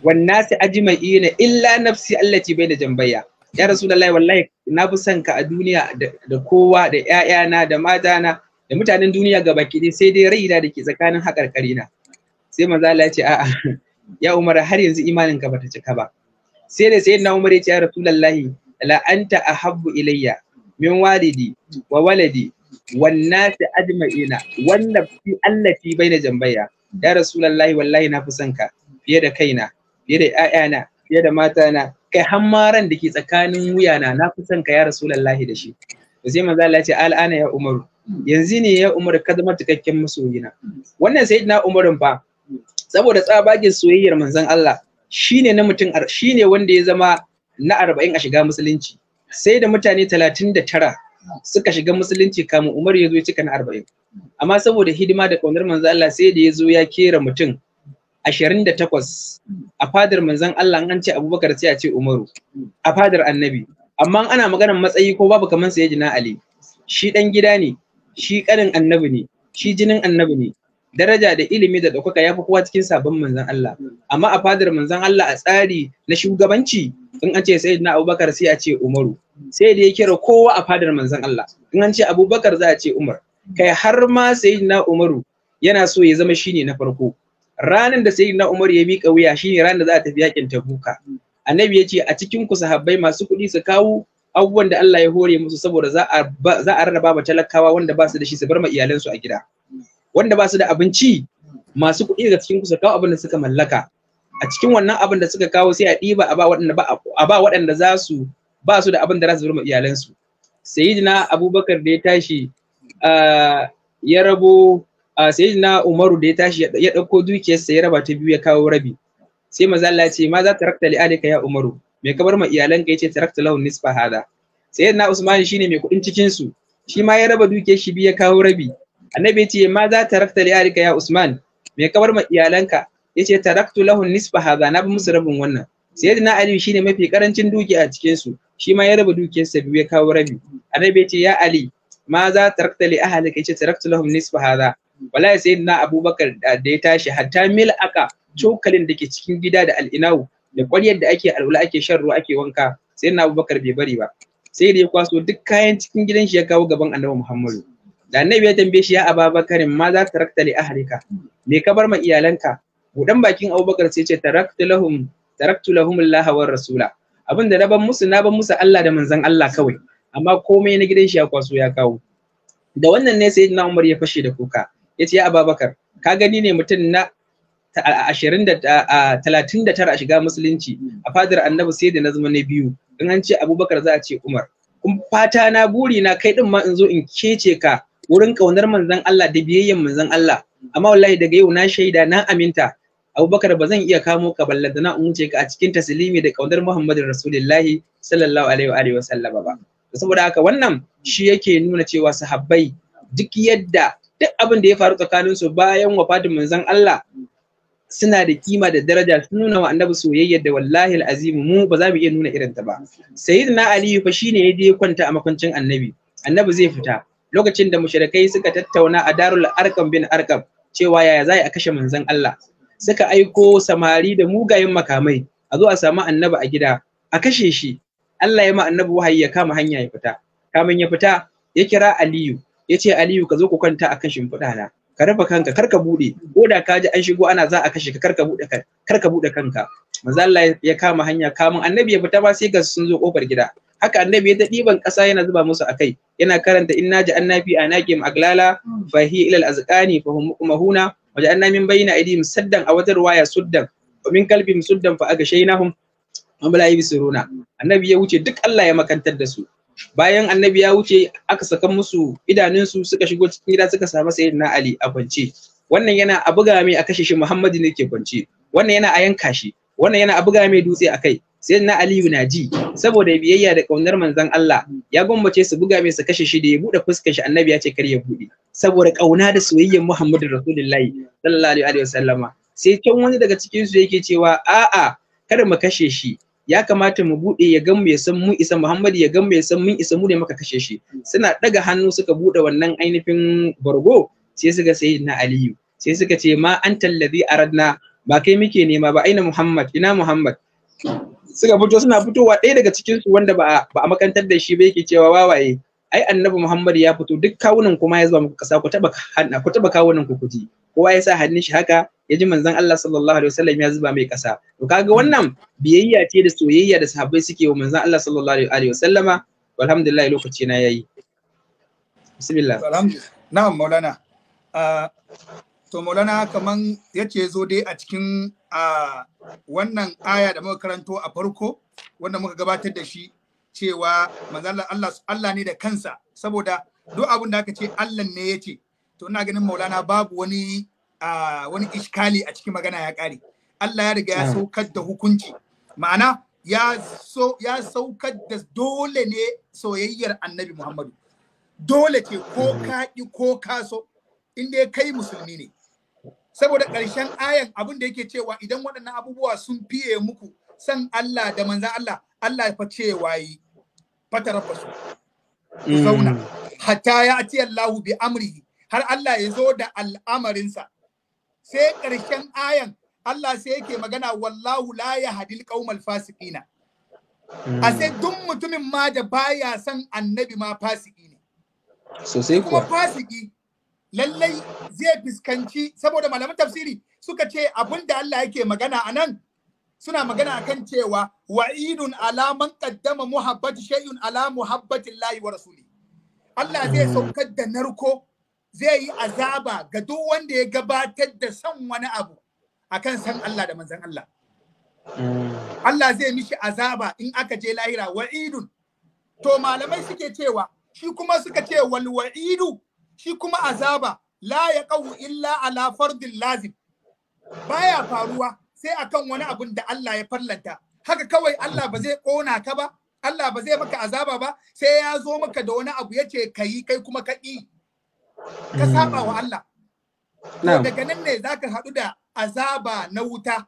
wan nasi ajma'in illa nafsi allati baina jambayya ya rasulullahi wallahi na fi son ka a duniya da kowa da ƴaƴana da matana da mutanen duniya gaba ɗaya sai dai raina da ke tsakanin haƙarƙari na sai manzo Allah ya ce a'a ya umar har yanzu imanin ka bata cika ba sai da sayyidina Umar ya ce ya Rasulullahi la anta ahabbu ilayya min walidi wa waladi wan nasi ajma'ina wan nafsi allati baina jambayya ya Rasulullahi wallahi na fi son ka fiye da kaina fiye da ƴaƴana fiye da matana kai hammaran da ke tsakanin wuyana na fi son ka ya Rasulullahi da shi to sai manzo Allah ya ce al'ana ya Umaru yanzu ne ya Umar ka zama cikakken masoyina wannan sayyidina Umarin fa saboda tsabagin soyayyar manzon Allah shine na mutum shine wanda ya zama na arba'in a shiga musulunci sai da mutane talatin da suka shiga musulunci kamun umar ya zo ya cika na arba'in amma saboda hidima da kaunar manzon Allah sai da ya zo ya kera mutum ashirin da a fadar manzon Allah an ce abubakar sai a ce umaru a fadar annabi amma ana maganar matsayi ko babu kamar sayyidina ali shi dan gida ne shi ƙanin annabi ne shi jinin annabi ne daraja da ilimi da ɗaukaka ya fi kowa cikin sabon manzon Allah amma a fadar manzon Allah a tsari na shugabanci in an ce sayyidina Abubakar sai a ce Umaru sai da ya kira kowa a fadar manzon Allah in an ce Abubakar za a ce Umar kai har ma sayyidina Umaru yana so ya zama shine na farko ranan da sayyidina Umaru ya mika wuya shine ranar da za a tafi yakin Tabuka annabi ya ce a cikin ku sahabbai masu kuɗi su kawo abubuwan da Allah ya hore musu saboda za a za a rarraba ba talakawa wanda ba su da shi su bar ma iyalansu a gida wanda ba su da abinci masu kuɗi daga cikin kusa kawo abin da suka mallaka a cikin wannan abin da suka kawo sai a ɗiba a ba waɗanda ba a ba waɗanda za su ba su da abin da za su zurma iyalansu sayyidina abubakar da ya tashi ya rabo sayyidina umaru da ya tashi ya ɗauko dukiyarsa ya raba ta biyu ya kawo rabi sai maza Allah ce ma za ta rakta li'alika ya umaru mai kabar ma iyalanka ya ce ta rakta lahu nisfa hada sayyidina usman shine mai kuɗin cikin su shi ma ya raba dukiyar shi biyu ya kawo rabi annabi yace ma za ta rafta li alika ya usman me ka ma iyalanka yace taraktu lahu nisfa hadha na bi musu rabin wannan sayyidina ali shine mafi karancin duki a cikin su shi ma ya raba dukiyarsa biyu ya kawo rabi annabi yace ya ali ma za tarakta li ahlika yace taraktu lahum nisfa hadha wallahi sayyidina abubakar da ya tashi hatta mil aka cokalin da ke cikin gida da al'inau da ƙwaryar da ake alwala ake shan ruwa ake wanka sai na abubakar bai bari ba sai da ya kwaso duk kayan cikin gidan shi ya kawo gaban annabi muhammadu da annabi ya tambaye shi ya ababakarin ma za ta rakta li ahlika me ka bar ma iyalanka budan bakin abubakar sai ce taraktu lahum taraktu lahum allah wa rasula abin da na ban musu na ban musu allah da manzon allah kawai amma komai na gidan shi ya kwaso ya kawo da wannan ne sai na umar ya fashe da kuka ya ce ya ababakar ka gani ne mutum na ashirin da talatin da tara a shiga musulunci a fadar annabi sai da na zama na biyu in an ce abubakar za a ce umar kun fata na buri na kai din ma in zo in kece ka wurin kaunar manzon Allah da biyayyen Manzan Allah amma wallahi daga yau na shaida na aminta Abubakar ba zan iya kamo ka ballanta na wuce ka a cikin taslimi da kaunar Muhammadin Rasulullahi sallallahu alaihi wa sallama ba saboda haka wannan shi yake nuna cewa sahabbai duk yadda duk abin da ya faru tsakanin su bayan wafatin manzon Allah suna da kima da daraja su nuna wa annabi soyayya da wallahi alazim mu ba za mu iya nuna irin ta ba sayyidina ali fa shine ya je kwanta a makwancin annabi annabi zai fita lokacin da mushrikai suka tattauna a darul arkam bin arkam cewa yaya za a kashe manzon Allah suka aiko samari da mugayen makamai a zo a samu annabi a gida a kashe shi Allah ya ma annabi wahayi ya kama hanya ya fita kamin ya fita ya kira Aliyu ya ce Aliyu ka zo ku kwanta akan shimfiɗa na ka rufe kanka kar ka bude ko da ka ji an shigo ana za a kashe ka kar ka bude kanka manzo Allah ya kama hanya kamun annabi ya fita ba sai ga sun zo kofar gida haka annabi ya ta ɗiban kasa yana zuba musu a kai yana karanta inna ja annabi a naƙim aglala fa hi ilal azqani fa hum mahuna wa ja annamin bayna saddan a wata ruwaya suddan wa min kalbihim suddan fa aga shaynahum wa la yusiruna annabi ya wuce duk Allah ya makantar da su bayan annabi ya wuce aka saka musu idanunsu suka shigo cikin gida suka samu sayyidina ali a kwance wannan yana a buga mai a kashe shi muhammadu ne ke kwance wannan yana a yanka shi wannan yana buga mai dutse a kai sai na aliyu na ji saboda biyayya da kaunar manzon Allah ya gwammace su buga mai su kashe shi da ya bude fuskar shi annabi ya ce kar ya bude saboda kauna da soyayyar Muhammadu Rasulullahi sallallahu alaihi wasallama sai can wani daga cikin su yake cewa a'a kar mu kashe shi ya kamata mu bude ya gan mu ya san mun isa Muhammadu ya gan mu ya san mun isa mu ne muka kashe shi suna daga hannu suka buɗe wannan ainihin bargo sai suka sai na Aliyu sai suka ce ma antal ladhi aradna ba kai muke nema ba aina Muhammad ina Muhammad suka fito suna fitowa ɗaya daga cikin su wanda ba a makantar da shi ba yake cewa wawaye ai annabi Muhammad ya fito duk kawunan kuma ya zuba muku kasa ku taba hanna ku taba kawunan ku kuji kowa ya sa hannun shi haka ya ji manzon Allah sallallahu alaihi wasallam ya zuba mai kasa to kaga wannan biyayya ce da soyayya da sahabbai suke wa manzon Allah sallallahu alaihi wasallama alhamdulillah lokaci na yayi bismillah alhamdulillah na'am maulana ah, to maulana kaman yace zo dai a cikin wannan aya da muka karanto a farko wanda muka gabatar da shi cewa manzala Allah Allah ne da kansa saboda duk abin da aka ce Allah ne yace to ina ganin maulana babu wani wani iskali a cikin magana ya kare Allah ya riga ya saukar da hukunci ma'ana ya so ya saukar da dole ne soyayyar annabi Muhammadu dole ce ko ka ko ka so in dai kai musulmi ne saboda ƙarshen ayan abin da yake cewa idan waɗannan abubuwa sun fiye muku san Allah da manzan Allah Allah fa waye. Fata rabba su mm. zauna hatta ya ati Allah bi amrihi har Allah ya zo da al'amarinsa sai ƙarshen ayan Allah sai yake magana wallahu la yahdil qaumal fasiqina mm. a sai duk mutumin ma da baya san annabi ma fasiki ne sai kuwa fasiki lallai zai fuskanci saboda malaman tafsiri suka ce abin da Allah yake magana a nan suna magana kan cewa wa'idun alaman ƙaddamar muhabbati shay'un ala muhabbatin Allahi wa rasuli Allah zai saukar da narko zai yi azaba ga duk wanda ya gabatar da san wani abu akan san Allah da manzon Allah Allah zai mishi azaba in aka je lahira wa'idun to malamai suke cewa shi kuma suka ce wal wa'idu shi kuma azaba la ya kawu illa ala fardin lazim baya faruwa sai akan wani abun da Allah ya fallanta haka kawai Allah ba zai kona ka ba Allah ba zai maka azaba ba sai ya zo maka da wani abu yace kayi kai kuma ka yi ka hmm. saba wa Allah daga nan ne zaka haɗu da azaba na wuta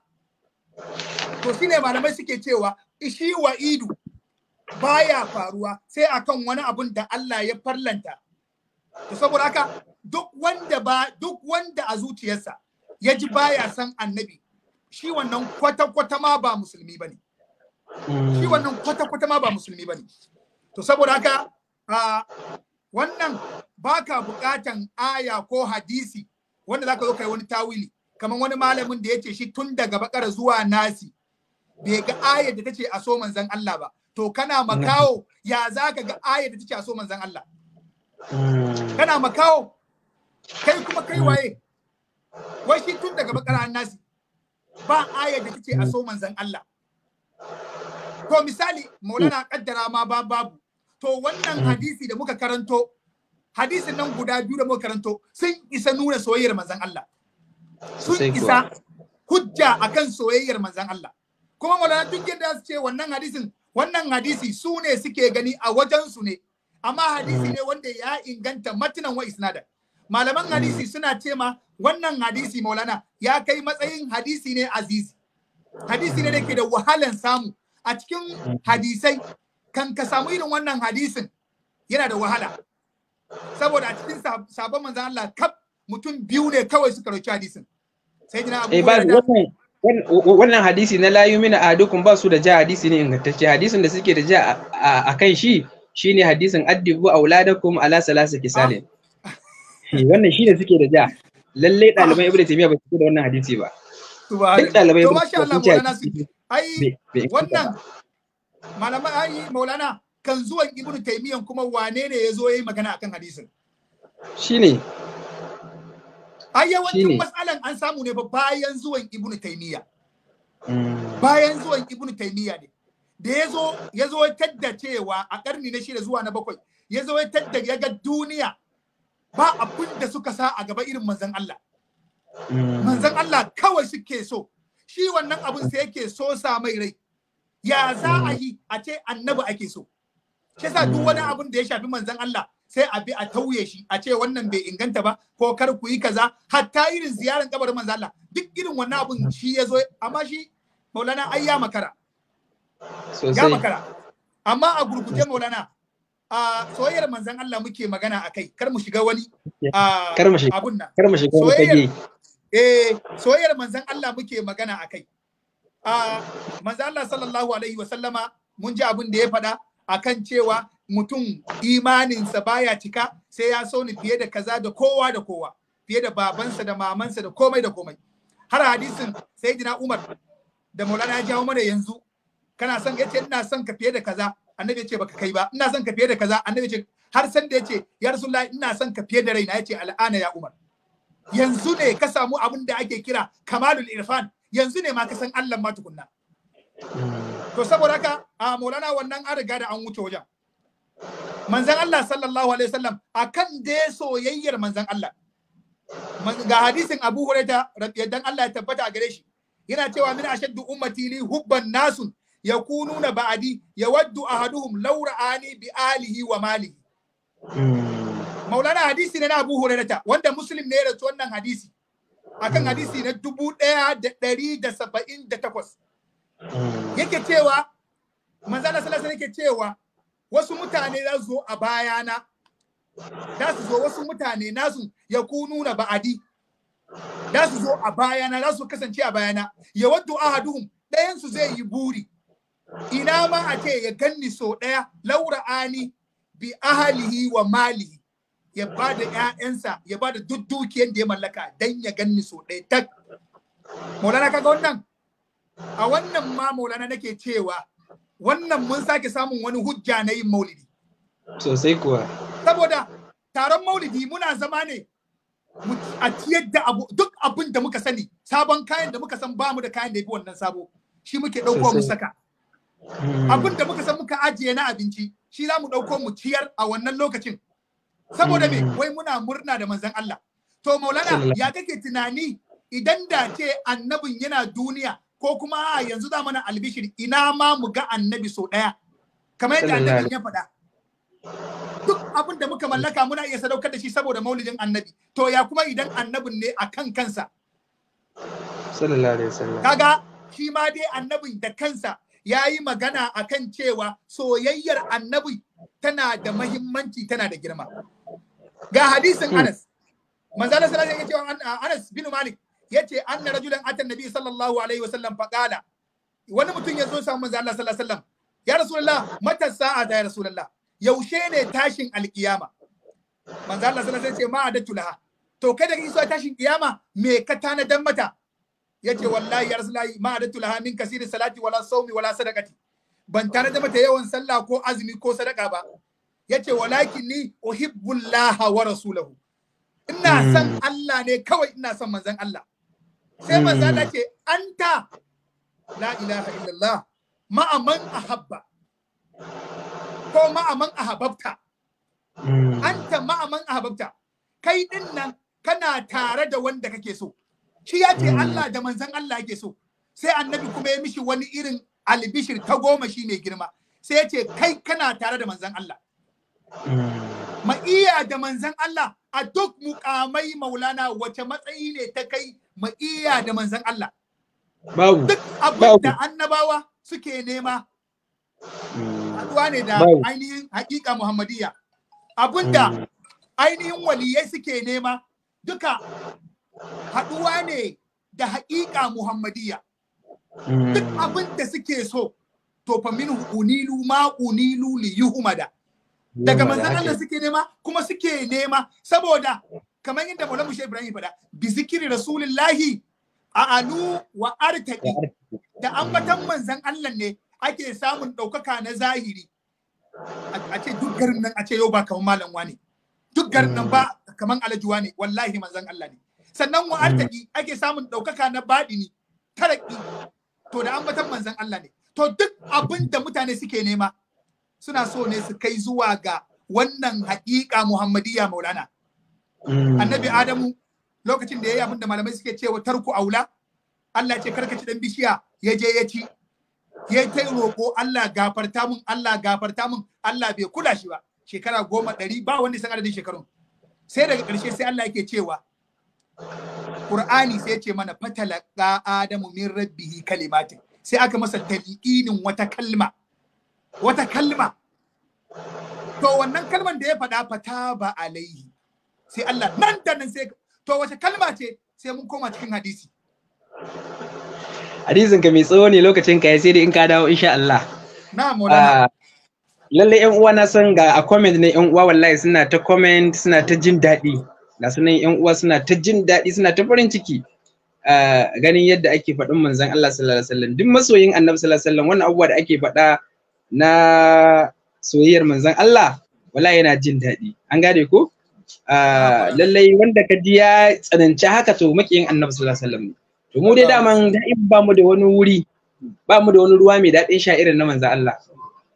to shine malamai suke cewa ishi wa idu baya faruwa sai akan wani abun da Allah ya farlanta to saboda haka duk wanda ba duk wanda a zuciyarsa ya ji baya san annabi shi wannan kwata-kwata ma ba musulmi bane shi wannan kwata-kwata ma ba musulmi bane to saboda haka wannan baka bukatan aya ko hadisi wanda zaka zo kai wani tawili kamar wani malamin da yace shi tun daga bakara zuwa nasi bai ga ayar da tace a so manzon Allah ba to kana makawo ya zaka ga ayar da tace a so manzon Allah Mm. kana makawo kai kuma kai mm. waye wai shi tun daga bakara nasi ba aya da take a mm. so manzon Allah to misali maulana kaddara ma ba babu to wannan hadisi da muka karanto hadisin nan guda biyu da muka karanto sun isa nuna soyayyar manzon Allah sun isa hujja akan soyayyar manzon Allah kuma maulana tun da su ce wannan hadisin wannan hadisi su ne suke gani a wajen su ne amma hadisi ne wanda ya inganta matinan wa isnada malaman hadisi suna ce ma wannan hadisi maulana ya kai matsayin hadisi ne azizi hadisi ne da ke da wahalan samu a cikin hadisai kan ka samu irin wannan hadisin yana da wahala saboda a cikin sabon manzan Allah kaf mutum biyu ne kawai suka rauci hadisin sai jina abu eh, wannan hadisi na layu mina ahadukum ba su da ja hadisi ne ingantacce hadisin da suke da ja a kan shi shine hadisin addibu auladakum ala salasa kisalin ah. eh, wannan shine suke da ja lalle ɗaliban ibnu taymiya ba su da wannan hadisi ba duk ɗalibai ba su da ai wannan malama ai maulana kan zuwan ibnu taymiyan kuma wane ne ya zo yayi magana akan hadisin shine ai yawancin matsalan an samu ne ba bayan zuwan ibnu taymiya mm. bayan zuwan ibnu taymiya ne da ya zo ya zo tadda cewa a karni na shida zuwa na bakwai ya zo tadda ya ga duniya ba abin da suka sa a gaba irin manzon Allah mm. manzon Allah kawai suke so shi wannan abin sai yake so sa mai rai ya za a yi a ce annabi ake so shi yasa duk wani abun da ya shafi manzan Allah sai a bi a tauye shi a ce wannan bai inganta ba ko kar ku yi kaza hatta irin ziyaran kabarin manzan Allah duk irin wannan abun shi ya zo amma shi Maulana ai ya makara ya makara amma a gurguje maulana a soyayyar manzon Allah muke magana a kai kar mu shiga wani abun nan kar mu shiga wani eh soyayyar manzon Allah muke magana a kai manzon Allah sallallahu alaihi wa sallama mun ji abun da ya faɗa akan cewa mutum imaninsa baya cika sai ya so ni fiye da kaza da kowa da kowa fiye da babansa da mamansa da komai da komai har hadisin sayyidina Umar da Maulana ya jawo mana yanzu kana son yace ina son ka fiye da kaza annabi ce baka kai ba ina son ka fiye da kaza annabi ce har san da yace ya rasulullahi ina son ka fiye da raina yace al'ana ya umar yanzu ne ka samu abin da ake kira kamalul irfan yanzu ne ma ka san Allah ma tukunna to saboda haka a maulana wannan an riga da an wuce wajen manzan Allah sallallahu alaihi wasallam akan dai soyayyar manzan Allah ga hadisin Abu Hurairah dan Allah ya tabbata a gare shi yana cewa min ashaddu ummati li hubban nasun yakununa ya yawaddu ahaduhum law ra'ani bi alihi wa malihi maulana hadisi ne na Abu Hurairah wanda muslim ne ya wannan hadisi akan hadisi na dubu ɗaya da ɗari da saba'in da takwas yake cewa wasu mutane za zo a bayana za su zo wasu mutane nasu Yakununa ba'adi za su zo a bayana za su kasance a bayana ya waddu ahaduhum ɗayan su zai yi buri ina ma a ce ya ganni so ɗaya laura ani bi ahalihi wa mali, ya ba da ‘ya'yansa ya ba da duk dukiyar da ya mallaka dan ya ganni so ɗaya tak maulana ga wannan a wannan ma maulana nake cewa wannan mun sake samun wani hujja na yin maulidi sosai kuwa saboda taron maulidi muna zama ne a ciyar da abu duk abin da muka sani sabon kayan da muka san bamu da kayan da ya wannan sabo shi muke ɗauko mu saka Mm. abin da muka san muka ajiye na abinci shi za mu ɗauko mu ciyar a wannan lokacin saboda me mm. wai muna murna da manzon Allah to maulana ya kake tunani idan da ce annabin yana duniya ko kuma yanzu za mana albishir ina ma mu ga annabi so ɗaya kamar yadda annabin ya faɗa duk abin da muka mallaka muna iya sadaukar da shi saboda maulidin annabi to ya kuma idan annabin ne a kan kansa sallallahu alaihi wasallam kaga shi ma dai annabin da kansa ya yi magana a kan cewa soyayyar annabi tana da mahimmanci tana da girma ga hadisin hmm. anas manzala ya ce wasallam anas bin malik ya ce yace anna rajulan atan nabi sallallahu alaihi wasallam faqala wani mutum ya zo samu manzo Allah sallallahu alaihi wasallam ya rasulullah mata sa'a ta ya rasulullah yaushe ne tashin alƙiyama? manzo Allah sallallahu alaihi wasallam ce ma adatu laha to kai da iso tashin kiyama me ka tanadan mata yace wallahi ya rasulullahi ma adatu laha min kasiri salati wala sawmi wala sadaqati ban tare da mata yawan sallah ko azumi ko sadaka ba yace walakin ni uhibbullaha wa rasulahu ina hmm. son Allah ne kawai ina san manzon Allah sai hmm. manzo Allah ce anta la ilaha illallah ma man ahabba ko ma man ahabbta hmm. anta ma man ahabbta kai din nan kana tare da wanda kake so shi ya ce hmm. Allah da manzan Allah yake so sai annabi kuma ya mishi wani irin albishir ta goma shi mai girma sai ya ce kai kana tare da manzan Allah hmm. iya da manzan Allah a duk mukamai maulana wace matsayi ne ta kai iya da manzan Allah duk abin da annabawa suke nema hmm. haɗuwa ne da ainihin hakika muhammadiyya abin da ainihin waliyai suke nema duka haɗuwa ne da haƙiƙa Muhammadiyya. Hmm. Duk abin da suke so, to fa min unilu ma unilu li yuhumada. Daga manzan Allah suke nema kuma suke nema saboda kamar yadda Maulana Mushe Ibrahim fada bi zikiri Rasulullahi a anu wa artaqi da ambatan manzan Allah ne ake samun ɗaukaka na zahiri. A ce duk garin nan a ce yau ba kamar malam wane. Duk garin nan ba hmm. kamar alajuwa ne wallahi manzan Allah ne. sannan wa mm. artaki ake samun ɗaukaka na ne taraki to da ambatan manzan Allah ne to duk abin da mutane suke nema suna so ne su kai zuwa ga wannan haƙiƙa muhammadiyya maulana mm. annabi adamu lokacin da ya yi abin da malamai suke cewa tarku aula Allah ce ci dan bishiya ya je ya ci ya ta roƙo Allah gafarta mun Allah gafarta mun Allah bai kula shi ba shekara goma ɗari ba wanda san adadin shekarun sai daga ƙarshe sai Allah yake cewa Qur'ani sai ce mana fatalaka Adamu min rabbihi kalimatin sai aka masa taliqinin wata kalma wata kalma to wannan kalman da ya faɗa fata ba alaihi sai Allah nan da nan sai to wata kalma ce sai mun koma cikin hadisi hadisin ka mai tsawo ne lokacin ka sai dai in ka dawo insha Allah na'am ah, lalle yan uwa na san ga a comment ne yan uwa wallahi suna ta comment suna ta jin daɗi ga sunan yan uwa suna ta jin daɗi suna ta farin ciki ganin yadda ake faɗin manzon Allah sallallahu alaihi wasallam duk masoyin annabi sallallahu alaihi wasallam wannan abubuwa da ake faɗa na soyayyar manzon Allah wala yana jin daɗi an gane ko lallai wanda ka ji ya tsananci haka to makiyin annabi sallallahu alaihi wasallam to mu dai daman da'in ba mu da wani wuri ba mu da wani ruwa mai daɗin sha irin na manzon Allah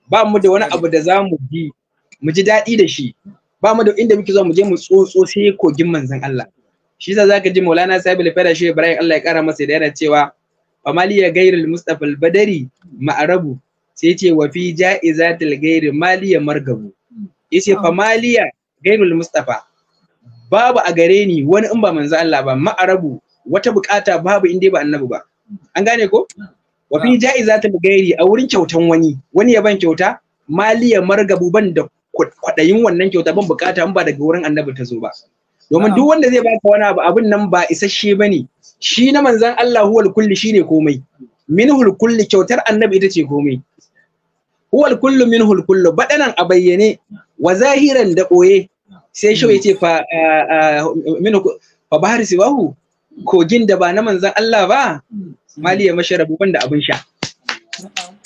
ba mu da wani abu da za mu bi mu ji daɗi da shi ba mu da inda muke zo mu je mu tsotso sai kogin manzon Allah shi yasa zaka ji Maulana al-Fada shi Ibrahim Allah ya kara masa da yana cewa famali ya gairil Mustafa al-Badari ma'arabu sai ce wa fi ja'izatil gairi maliya margabu yace famaliya gairul Mustafa babu a gare ni wani in ba manzan Allah ba ma'arabu wata bukata babu inda ba annabi ba an gane ko wa fi ja'izatil gairi a wurin kyautan wani wani ya ban kyauta maliya margabu ban da kwaɗayin wannan kyauta ban bukata ba daga wurin annabi ta zo ba domin duk wanda zai baka wani abu abin nan ba isasshe bane shi na manzon Allah huwal kulli shine komai minhul kulli kyautar annabi ita ce komai huwal kullu minhul kullu badanan a bayyane wa zahiran da koye sai shi yace fa min fa bahar siwahu kogin da ba na manzon Allah ba ya masharabu banda abin sha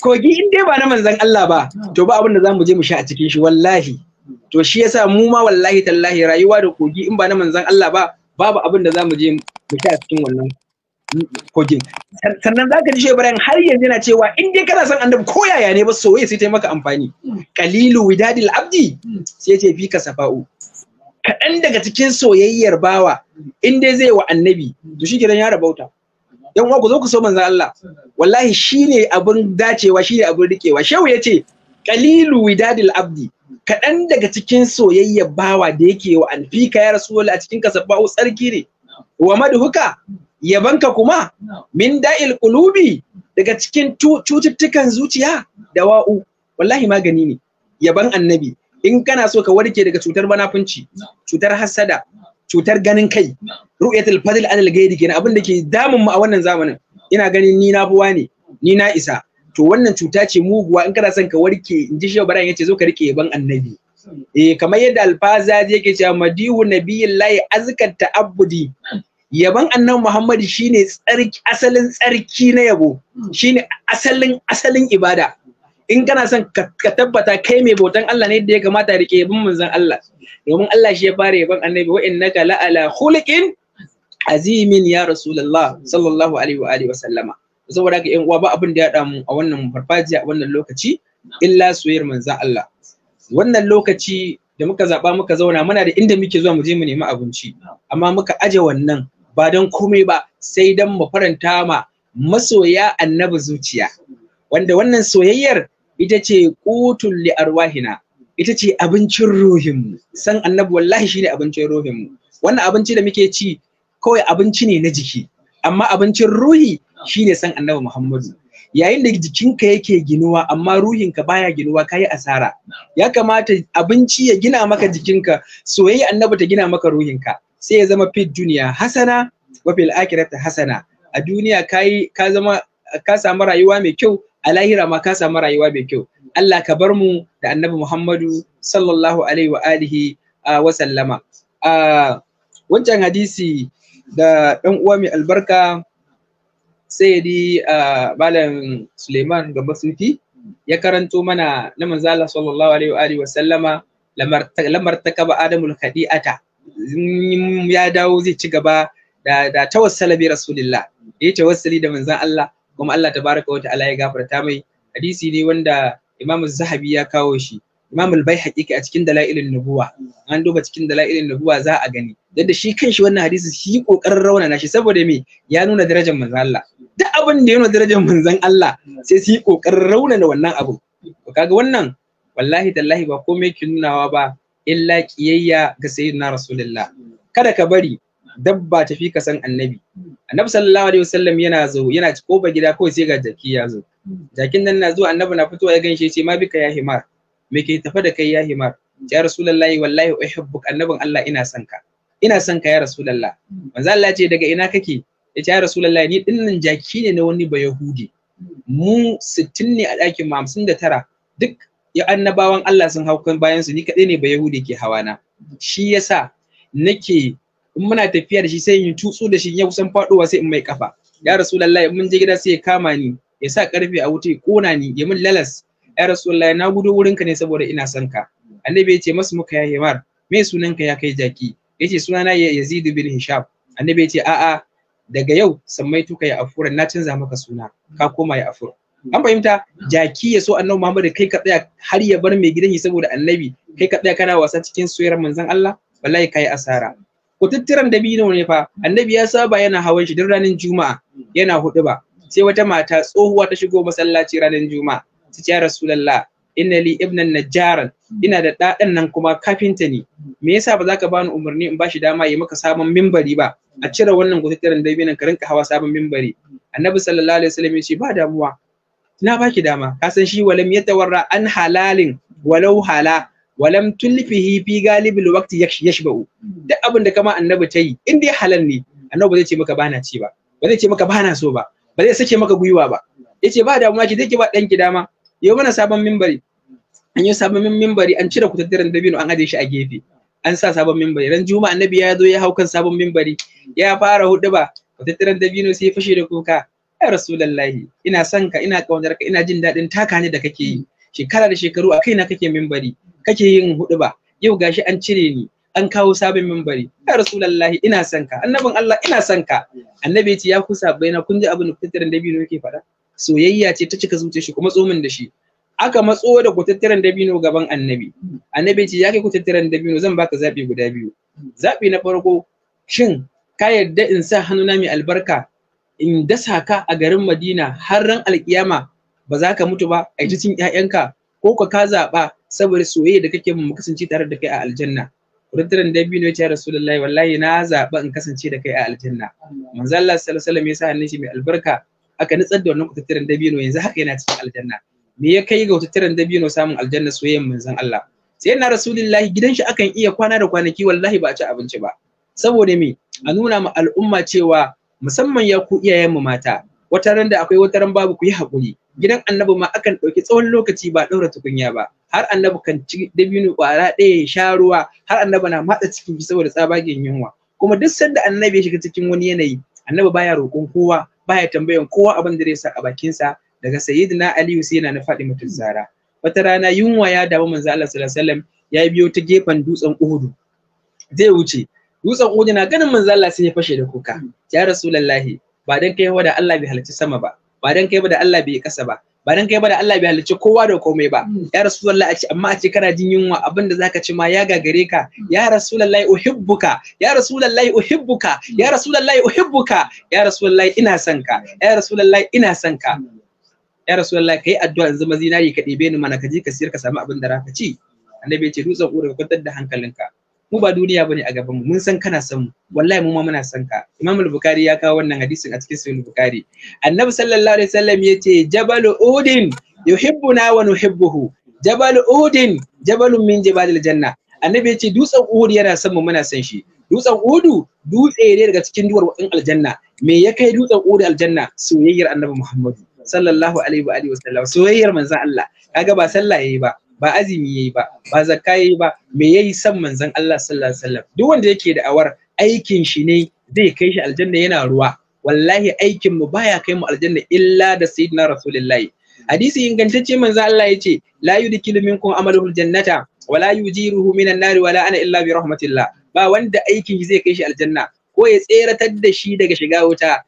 kogi in dai ba na manzan Allah ba to ba abin da zamu je mu sha a cikin shi wallahi to shi yasa mu ma wallahi tallahi rayuwa da kogi in ba na manzan Allah ba babu abin da zamu je mu sha a cikin wannan kogin sannan za ka ji shi har yanzu yana cewa in dai kana son annabi ko yaya ne ba soyayya sai ta maka amfani qalilu widadil abdi sai ce fi kasafa'u kaɗan daga cikin soyayyar bawa in dai zai wa annabi to shi ya rabauta yan uwa ku zo ku so manzon Allah wallahi shine abun dacewa shine abin rikewa shehu yace qalilu widadil abdi kaɗan daga cikin soyayya bawa da yake wa alfika ya rasu a cikin kasabba'u tsarki ne wa madhuka yabanka kuma min da'il qulubi daga cikin cututtukan zuciya da wa'u wallahi magani ne yaban annabi in kana so ka warke daga cutar manafunci cutar hasada cutar ganin kai ru'yatul fadl alal ghairi kenan abin da ke damun mu a wannan zamanin ina ganin ni na buwa ne ni na isa to wannan cuta ce muguwa in kana son ka warke in ji shehu bara yace zo ka rike ban annabi eh kamar yadda alfaza yake cewa madihu nabiyillahi azkat ta'abbudi yaban annabi Muhammad shine tsarki asalin tsarki na yabo shine asalin asalin ibada in kana son ka tabbata kai mai bautan Allah ne da ya kamata rike yaban manzon Allah domin Allah shi ya fara yaban annabi wa innaka la'ala khuliqin azimin ya rasulullah sallallahu alaihi wa alihi wa sallama saboda ga yan uwa ba abin da ya damu a wannan farfajiya a wannan lokaci illa suyar manzon Allah wannan lokaci da muka zaba muka zauna muna da inda muke zuwa mu je mu nemi abinci amma muka aje wannan ba don komai ba sai don mu faranta ma masoya annabi zuciya wanda wannan soyayyar ita ce kutul li arwahina ita ce abincin ruhinmu san annabi wallahi shine abincin ruhinmu wannan abinci da muke ci kawai abinci ne na jiki amma abincin ruhi shine san annabi muhammadu yayin da jikinka yake ginuwa amma ruhinka baya ginuwa kayi asara ya kamata abinci ya gina maka jikinka soyayya annabi ta gina maka ruhinka sai ya zama fit duniya hasana wa fil akhirati hasana a duniya kai ka zama ka samu rayuwa mai kyau a lahira ma ka samu rayuwa mai kyau Allah ka bar mu da annabi Muhammadu sallallahu alaihi wa alihi ah, wa sallama ah, wancan hadisi da ɗan uwa mai albarka sayyidi a malam suleiman Gambo sufi ya karanto mana na manzala sallallahu alaihi wa alihi wa sallama lamar takaba adamul khadi'ata ya dawo zai ci gaba da da tawassala bi rasulillah yayi tawassali da manzan Allah kuma Allah tabaraka wata ta'ala ya gafarta mai hadisi ne wanda Imam Zahabi ya kawo shi Imam al-Baihaqi a cikin dalailin nubuwa an duba cikin dalailin nubuwa za a gani yadda shi kanshi wannan hadisi shi kokarin raunana shi saboda me ya nuna darajar manzon Allah duk abin da ya nuna darajar manzon Allah sai su yi rauna raunana wannan abu to kaga wannan wallahi tallahi ba komai ke nunawa ba illa kiyayya ga sayyidina rasulullah kada ka bari dabba tafi ka san annabi annabi sallallahu alaihi wasallam yana zo yana koba gida kawai sai ga jaki ya zo jakin nan na zuwa annabi na fitowa ya ganshi ce ma bika ya himar me ke tafa da kai ya himar ya rasulullahi wallahi uhibbuk annabin Allah ina son ka ina son ka ya rasulullah manzo Allah ce daga ina kake yace ya rasulullahi ni dinnan jaki ne na wani bayahudi mu 60 ne a ɗakin mu 59 duk ya annabawan Allah sun hau kan bayan su ni kaɗai ne bayahudi ke hawa na shi yasa nake in muna tafiya da shi sai in tutsu da shi ya kusan faɗowa sai in mai kafa ya rasulullahi mun je gida sai ya kama ni ya sa karfe a wuta ya kona ni ya min lalas ya rasulullahi na gudu wurin ka ne saboda ina son ka annabi ya ce masu muka ya himar me sunanka ya kai jaki yace sunana na yazid bin hisham annabi ya ce a'a daga yau sammai tuka ya afura na canza maka suna ka koma ya afura an fahimta jaki ya so annabi Muhammad kai ka tsaya har ya bar mai gidan saboda annabi kai ka tsaya kana wasa cikin soyayyar manzon Allah wallahi kai asara ku tuttiran dabino ne fa annabi ya saba yana hawan shi duk ranar juma'a yana hudu ba sai wata mata tsohuwa ta shigo masallaci ranar juma'a ta ce ya inna li ibnan najjaran ina da ɗaɗan nan kuma kafinta ne me yasa ba za ka bani umarni in bashi dama ya maka sabon mimbari ba a cire wannan gutattaren da binan rinka hawa sabon mimbari annabi sallallahu alaihi wasallam ya ce ba damuwa na baki dama ka san shi walam yatawarra an halalin walau hala walam tulfihi fi galibil waqti yashba'u duk abin da kama annabi ta yi in dai halal ne annabi ba zai ce maka bana ci ba ba zai ce maka bana so ba ba zai sake maka gwiwa ba yace ba damuwa ki zai ki ba danki dama yau mana sabon mimbari an yi sabon mimbari an cire kutattaren dabino an aje shi a gefe an sa sabon mimbari ran juma'a annabi ya zo ya hau kan sabon mimbari ya fara huɗuba Kutattaren dabino sai ya fashe da kuka ya rasulallahi ina son ka ina kaunar ka ina jin daɗin taka ne da kake yi shekara da shekaru a na kake mimbari kake yin huɗuba yau gashi an cire ni an kawo sabon mimbari ya rasulullahi ina son ka annabin Allah ina son ka annabi ya ce ya kusa baina kun ji abin da kutattaren dabino yake faɗa soyayya ce ta cika zuciyar shi kuma tsomin da shi aka matso da kutattaren dabino gaban annabi annabi ce ya kai dabino zan baka zaɓi guda biyu zaɓi na farko shin ka yarda in sa hannuna mai albarka in dasa ka a garin madina har ran alkiyama ba za ka mutu ba a cin ƴaƴanka ko ka ka zaɓa saboda soyayya da kake mu kasance tare da kai a aljanna kutattaren dabino ya ce rasulullahi wallahi na zaɓa in kasance da kai a aljanna manzo Allah sallallahu alaihi wasallam ya sa hannun shi mai albarka aka nutsar da wannan kututturen dabino yanzu haka yana cikin aljanna me ya kai ga kututturen dabino samun aljanna soyayyen manzon Allah sai na rasulullahi gidan shi akan iya kwana da kwanaki wallahi ba a ci abinci ba saboda me a nuna ma al'umma cewa musamman ya ku iyayen mu mata wata ran da akwai wata ran babu ku yi hakuri. gidan annabi ma akan ɗauki tsawon lokaci ba ɗaura tukunya ba har annabi kan ci dabino ƙwara ɗaya ya sha ruwa har annabi na matsa cikin shi saboda tsabagen yunwa kuma duk sanda annabi ya shiga cikin wani yanayi annabi baya roƙon kowa baya tambayan kowa abin da zai sa a bakinsa daga sayyidina aliyu sai yana na fatimatu zara wata rana yunwa ya damu manzo Allah sallallahu alaihi wasallam ya biyo ta gefen dutsen uhudu zai wuce dutsen uhudu na ganin manzo Allah sai ya fashe da kuka ya rasulullahi ba dan kai da Allah bai halarci sama ba ba dan kai da Allah bai kasa ba ba dan kai ba da Allah bai halicci kowa da komai ba hmm. ya rasulullah a ce amma a ce kana jin yunwa abin da zaka ci ma ya gagare ka hmm. ya rasulullah uhibbuka ya rasulullah hmm. uhibbuka ya rasulullah uhibbuka ya rasulullah ina son ka ya rasulullah ina son ka ya rasulullah kai addu'a yanzu mazinari ka ɗebe ni mana ka je ka siyar ka samu abin da zaka ci annabi ya ce dutsen uwar ka kwantar da hankalinka mu ba duniya bane a gaban mu mun san kana san mu wallahi mu ma muna san ka Imam al-Bukhari ya kawo wannan hadisin a cikin Sahih Bukhari Annabi sallallahu alaihi wasallam yace Jabal udin yuhibbuna wa nuhibbuhu Jabal udin jabalun min jibalil janna Annabi yace dutsen Uhud yana san mu muna san shi dutsen udu dutse ne daga cikin duwar wakin aljanna me ya kai dutsen Uhudu aljanna soyayyar Annabi Muhammadu sallallahu alaihi wa alihi wasallam soyayyar manzon Allah kaga ba sallah yayi ba ba azumi yayi ba ba zakka yayi ba me yayi san manzon Allah sallallahu alaihi wasallam duk wanda yake da awar aikin shi ne zai kai shi aljanna yana ruwa wallahi aikin mu baya kai mu aljanna illa da sayyidina rasulullahi hadisi ingantacce manzon Allah yace la yudkilu minkum amaluhul jannata wala yujiruhu minan nar wala ana illa bi rahmatillah ba wanda aikin shi zai kai shi aljanna ko ya tseratar da shi daga shiga wuta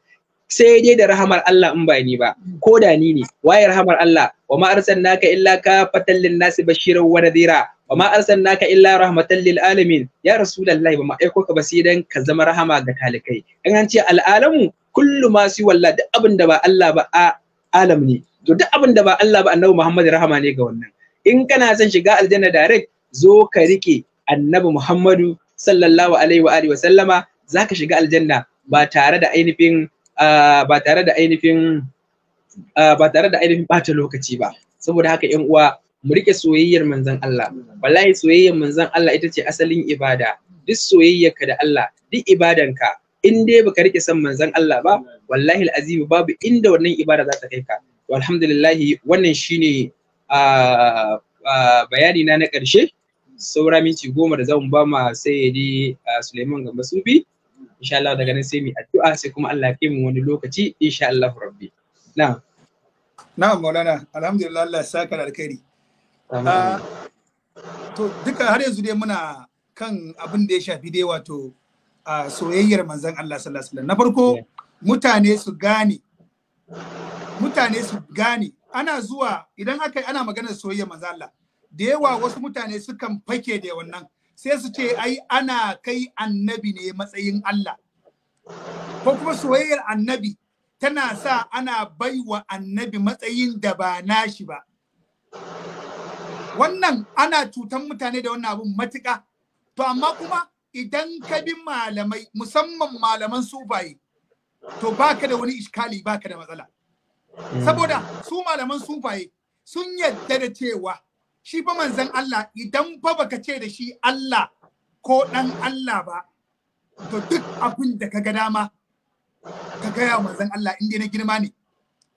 sai dai da rahamar Allah in ba ni ba ko da ni ne waye rahamar Allah wa ma arsalnaka illa ka fatal lin nasi bashiran wa nadira wa ma arsalnaka illa rahmatan lil alamin ya rasulullahi ba ma aiko ka ba sai dan ka zama rahama ga talikai in an ce al'alamu kullu ma si walla duk abinda ba Allah ba a alam ne to duk abin ba Allah ba annabi Muhammad rahama ne ga wannan in kana son shiga aljanna direct zo ka rike annabi Muhammadu sallallahu alaihi wa alihi wa sallama zaka shiga aljanna ba tare da ainihin ba tare da ainihin ba tare da ainihin ɓata lokaci ba saboda haka yan uwa mu rike soyayyar manzon Allah wallahi soyayyar manzon Allah ita ce asalin ibada duk soyayyarka da Allah duk ibadanka in dai baka rike san manzon Allah ba wallahi alazim babu inda wannan ibada za ta kai ka to alhamdulillah wannan shine bayani na na ƙarshe saura minti goma da zamu ba ma sayyidi Suleiman Gambasubi insha Allah daga nan sai mu addu'a sai kuma Allah ya mu wani lokaci insha Allah rabbi na'am na'am maulana alhamdulillah Allah ya saka da alkhairi ah, to duka har yanzu dai muna kan abin da ya shafi dai wato soyayyar manzon Allah sallallahu alaihi wasallam na farko mutane su gane mutane su gane ana zuwa idan aka ana maganar soyayya manzo Allah da yawa wasu mutane sukan fake da wannan sai su ce ai ana kai annabi ne matsayin Allah ko kuma soyayyar annabi tana sa ana baiwa annabi matsayin da ba nashi ba wannan ana cutan mutane da wannan abun matuƙa to amma kuma idan ka bi malamai musamman malaman sufaye to baka da wani iskali baka da matsala hmm. saboda su malaman sufaye sun yarda da cewa shi fa manzan Allah idan fa baka ce da shi Allah ko dan Allah ba to duk abin da kaga dama ka gaya manzon Allah inda na girma ne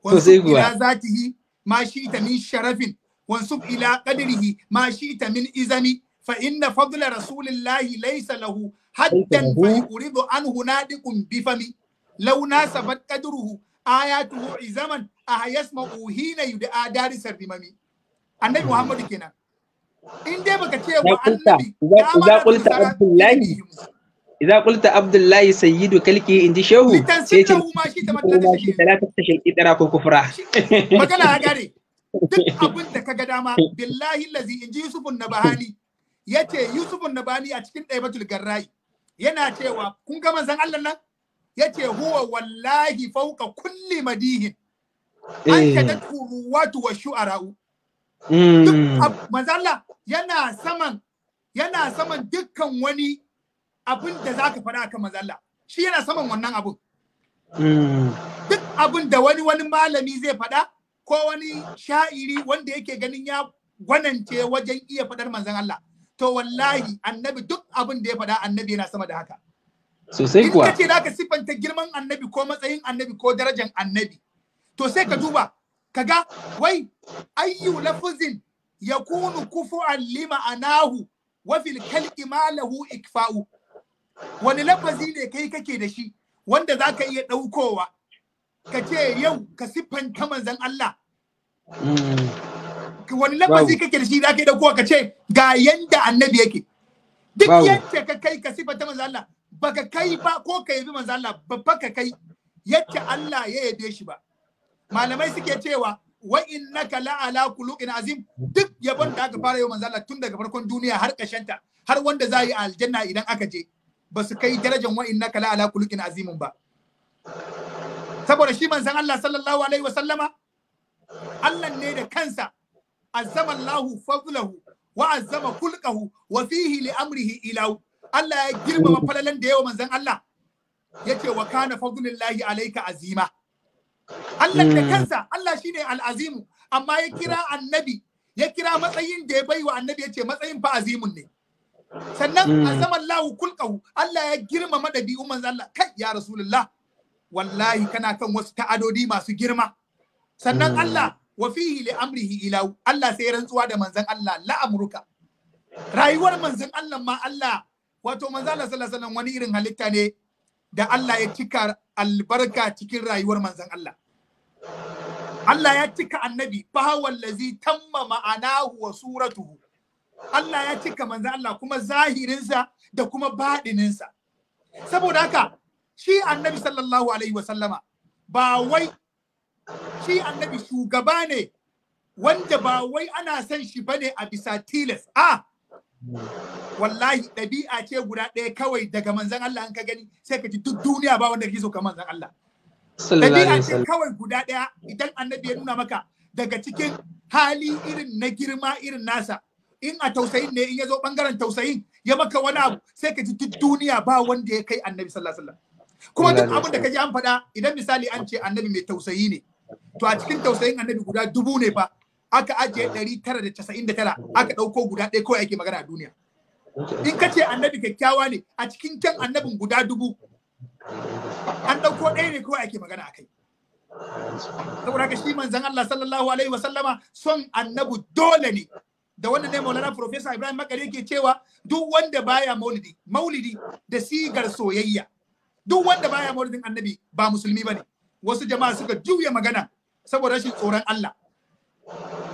wasu ila zatihi ma shi ta min sharafin wasu ila qadrihi ma shi ta min izami fa inna fadla rasulillahi laysa lahu haddan fa yuridu anhu nadiqun bifami law nasabat qadruhu ayatuhu izaman ahayasma uhina yud'a darisar rimami annabi muhammadu kenan in dai baka ce wa annabi idza kulta abdullahi idza qulta abdullahi sayyidu kalki inji shehu sai ce kuma shi ta mata shi da ta tashi idara ko kufra magana ga gare duk *laughs* abin da kaga dama billahi lazi Yusuf an nabahani yace an nabahani a cikin daibatul garrai yana cewa kun ga manzon Allah nan yace huwa wallahi fawqa kulli madihin eh. an kadatu ruwatu wa shu'ara'u Hmm. Manzalla yana saman yana saman dukkan wani abin da za ka faɗa kan manzalla. Shi yana saman wannan abin. Hmm. Duk abin da wani wani malami zai faɗa ko wani sha'iri wanda yake ganin ya gwanance wajen iya faɗar manzan Allah. To wallahi annabi duk abin da ya faɗa annabi yana sama da haka. Sosai kuwa. In ce za ka siffanta girman annabi ko matsayin annabi ko darajan annabi. To sai ka duba kaga wai ayyu lafuzin yakunu kufu'an lima anahu wa fil kal ma lahu ikfa'u wani lafazi ne kai kake da shi wanda zaka iya daukowa ka ce yau ka siffanta manzon Allah hmm. wani lafazi kake da shi zaka iya daukowa ka ce ga yanda annabi yake duk yadda ka kai ka siffanta manzon Allah baka kai ba ko ka yabi manzon Allah ba ka kai yadda Allah ya yabe shi ba malamai suke cewa wa innaka la ala azim duk yabon da aka fara yau manzo Allah tun daga farkon duniya har ƙarshen ta har wanda za yi a aljanna idan aka je ba su kai darajar wa innaka la ala azimin ba saboda shi manzon Allah sallallahu alaihi wa sallama Allah ne da kansa azzama Allahu fadlahu wa azzama kulqahu wa fihi li amrihi ilahu Allah ya girmama falalan da yawa manzan Allah yace wa kana fadlullahi alayka azima Allah da hmm. kansa Allah shine al'azimu amma ya kira annabi ya kira matsayin da ya bai wa annabi ya ce matsayin fa azimun ne sannan hmm. a zaman lahu kulkahu Allah ya girmama ɗabi'un manzo Allah kai ya rasulullah wallahi kana kan wasu ta'adodi masu girma sannan hmm. Allah wa fihi li amrihi ilahu Allah sai rantsuwa da manzon Allah la amruka rayuwar manzon Allah ma Allah wato manzo Allah sallallahu alaihi wasallam wani irin halitta ne da Allah ya cika albarka cikin rayuwar manzon Allah Allah ya cika annabi fa wallazi tamma ma'anahu wa suratuhu Allah ya cika manzon Allah kuma zahirinsa da kuma baɗininsa saboda haka shi annabi sallallahu alaihi wa sallama ba wai shi annabi shugaba ne wanda ba wai ana son shi bane a bisa tilas a ah, wallahi ɗabi'a ce guda ɗaya kawai daga manzan Allah an ka gani sai ka ji duk duniya ba wanda kake so ka manzan Allah ɗabi'a ce kawai guda ɗaya idan annabi ya nuna maka daga cikin hali irin na girma irin nasa in a tausayin ne in ya zo bangaren tausayin ya maka wani abu sai ka ji duk duniya ba wanda ya kai annabi sallallahu alaihi wasallam kuma duk abin da ka ji an faɗa idan misali an ce annabi mai tausayi ne to a cikin tausayin annabi guda dubu ne fa aka ajiye 999 aka ɗauko guda ɗaya kawai ake magana a duniya in ka ce annabi kyakkyawa ne a cikin kyan annabin guda dubu an ɗauko ɗaya ne kawai ake magana a kai saboda haka shi manzon Allah sallallahu alaihi wa son annabu dole ne da wannan ne Maulana Professor Ibrahim Makari yake cewa duk wanda baya maulidi maulidi da sigar soyayya duk wanda baya maulidin annabi ba musulmi ba ne, wasu jama'a suka juya magana saboda rashin tsoron Allah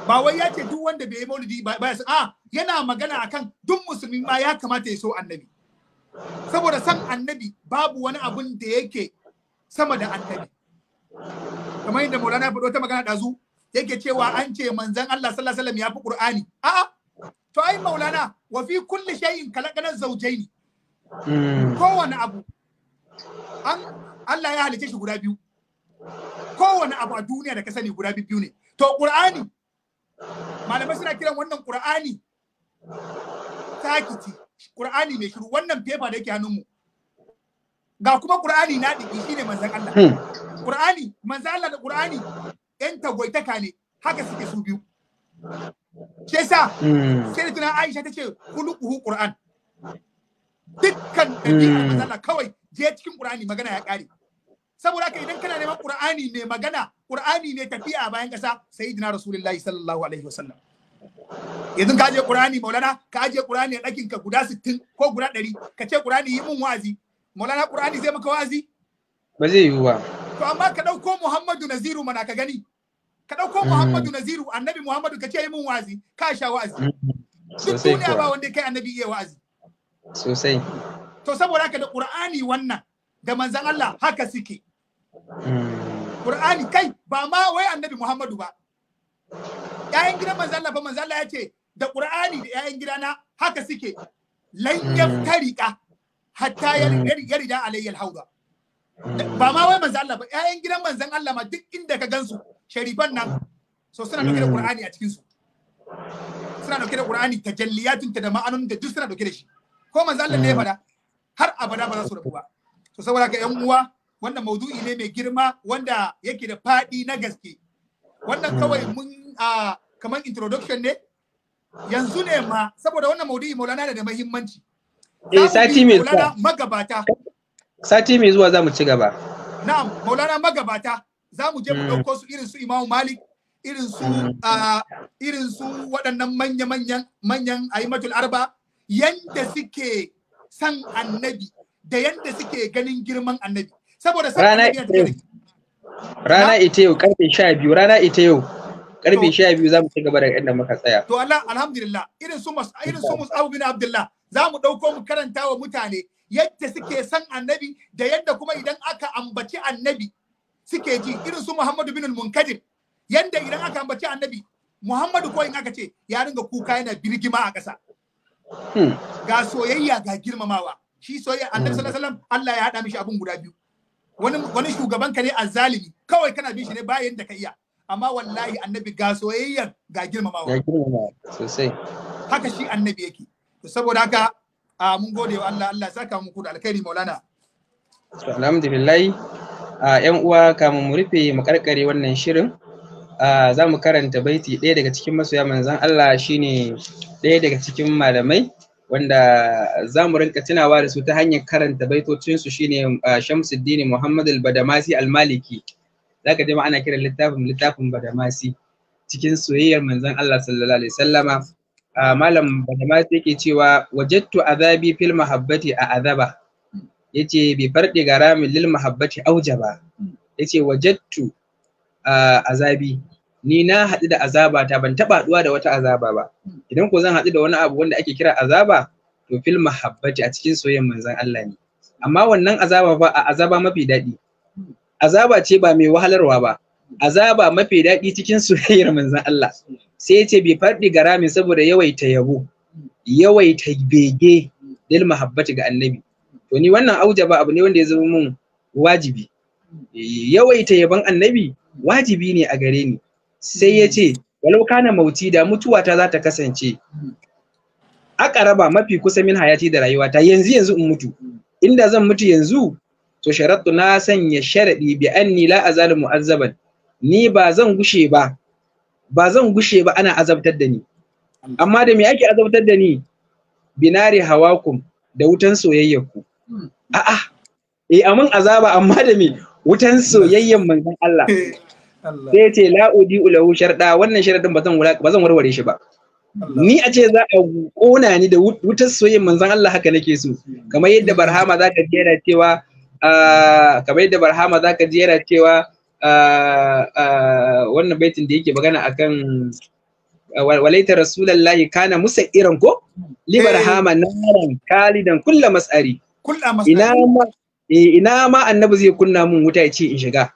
ba wai ya ce duk wanda bai yi maulidi ba ya a ah, yana magana akan duk musulmi ma ya kamata ya so annabi saboda san annabi babu wani abun da yake sama da annabi kamar yadda Maulana ya faɗo ta magana dazu yake cewa an ce manzon Allah sallallahu alaihi wasallam ya fi Qur'ani a'a to ai Maulana wa fi kulli shay'in kalaqana zawjaini hmm. kowane abu an Allah ya halice shi guda biyu kowane abu a duniya da ka sani guda biyu ne to Qur'ani malamai suna kiran wannan qur'ani takiti qur'ani mai shiru wannan paper da yake hannunmu ga kuma qur'ani na diki shine manzon Allah hmm. qur'ani manzon Allah da qur'ani yan tagwaitaka ne haka suke su biyu shi yasa hmm. sai tuna Aisha tace kuluquhu qur'an dukkan dabi'a hmm. manzon Allah kawai je cikin qur'ani magana ya kare saboda haka idan kana neman qur'ani ne magana qur'ani ne tafiya bayan kasa sayyidina rasulullahi sallallahu alaihi wasallam yanzu ka je qur'ani maulana ka je qur'ani a dakin ka guda 60 ko guda 100 ka ce qur'ani yi mun wazi maulana qur'ani zai maka wazi ba zai yi ba to amma ka dauko muhammadu naziru mana ka gani ka dauko hmm. muhammadu naziru annabi muhammadu ka ce yi mun wazi ka sha wazi hmm. duk duniya ba wanda kai annabi yi wazi sosai to saboda haka da qur'ani wannan da manzan Allah haka suke Qur'ani kai ba ma wai annabi Muhammadu ba. ‘Ya'yan gidan Allah fa manzalla ya ce da Qur'ani da ‘ya'yan gidana haka suke lan hmm. yaftariqa hatta hmm. yarida alayyal hauda. Ba ma wai Allah ba ‘ya'yan gidan manzan Allah ma duk inda ka gansu sharifan nan so suna dauke da hmm. Qur'ani a cikin su. Suna dauke da Qur'ani tajalliyatun ta da ma'anun da duk suna dauke da shi. Ko Allah ne ya fada har abada ba za su rabu ba. So saboda ka ‘yan uwa wannan maudu'i ne mai girma wanda yake da faɗi na gaske wannan kawai mun a kamar introduction ne yanzu ne ma saboda wannan maudu'i maulana da da muhimmanci eh sati mai zuwa magabata sati mai zuwa zamu ci gaba na'am maulana magabata zamu je mu dauko hmm. su irin su imamu malik irin su hmm. irin su waɗannan manya manyan manyan aimatul arba yanda suke san annabi da yanda suke ganin girman annabi saboda rana ita yau rana ita yau karfe 12 rana ita yau karfe 12 zamu ci gaba da inda muka tsaya to Allah alhamdulillah irin su mas irin su musabu bin Abdullah zamu dauko mu karanta wa mutane yadda suke san annabi da yadda kuma idan aka ambaci annabi suke ji irin su Muhammadu bin Munkadir yadda idan aka ambaci annabi Muhammadu ko in aka ce ya ringa kuka yana birgima a ƙasa hmm. ga soyayya ga girmamawa shi soyayya annabi hmm. sallallahu alaihi wasallam Allah ya hada mishi abun guda biyu wani shugaban ka ne a zalimi? kawai kana bin shi ne bayan da ka iya amma wallahi annabi ga soyayyar ga girmamawa ga girmamawa sosai haka shi annabi yake to saboda haka a mun gode wa Allah Allah saka muku da alkhairi maulana alhamdulillah a yan uwa kamun mu rufe mu karkare wannan shirin za mu karanta baiti ɗaya daga cikin masoya manzon Allah shine ɗaya daga cikin malamai wanda za mu rinka tunawa da su ta hanyar karanta baitocinsu shine uh, Shamsuddin Muhammad al-Badamasi al-Maliki zaka ji ana kira littafin littafin Badamasi cikin soyayyar manzon Allah sallallahu alaihi wasallama uh, malam Badamasi yake cewa wajattu azabi fil mahabbati a azaba yace bi farɗi garamin lil mahabbati aujaba yace wajattu uh, azabi ni na haɗu da azaba ta ban taɓa haɗuwa da wata azaba ba idan ko zan haɗu da wani abu wanda ake kira azaba to fil mahabbati a cikin soyayyar manzon Allah ne amma wannan azaba fa a azaba mafi daɗi azaba ce ba mai wahalarwa ba azaba mafi daɗi cikin *laughs* soyayyar manzon Allah sai ya ce bai faɗi garami saboda yawaita yabo yawaita bege lil mahabbati ga annabi to ni wannan aujaba abu ne wanda ya zama mun wajibi yawaita yabon annabi wajibi ne a gare ni sai ya ce walau kana mauti da mutuwata za ta kasance raba mafi kusa min hayati da rayuwata yanzu yanzu in mutu inda zan mutu yanzu to sharattu na sanya sharadi bi anni la azal mu'azzaban ni ba zan gushe ba ba zan gushe ba ana azabtar da ni amma da me ake azabtar da ni binari hawakum da wutan soyayyarku a'a eh amin azaba amma da me wutan soyayyar manzon Allah *laughs* sai ce la'udi ulahu sharda wannan sharadin ba zan warware shi ba ni a ce za a kona ni da wutar soyayyar manzon Allah haka nake so kamar yadda barhama za ji yana cewa kamar yadda barhama zaka ji yana cewa wannan baitin da yake magana akan walaita rasulallahi kana musa iran ko eh. Barhama, naran kalidan kulla mas'ari eh, ina ma annabi zai kunna mun wuta ya ce in shiga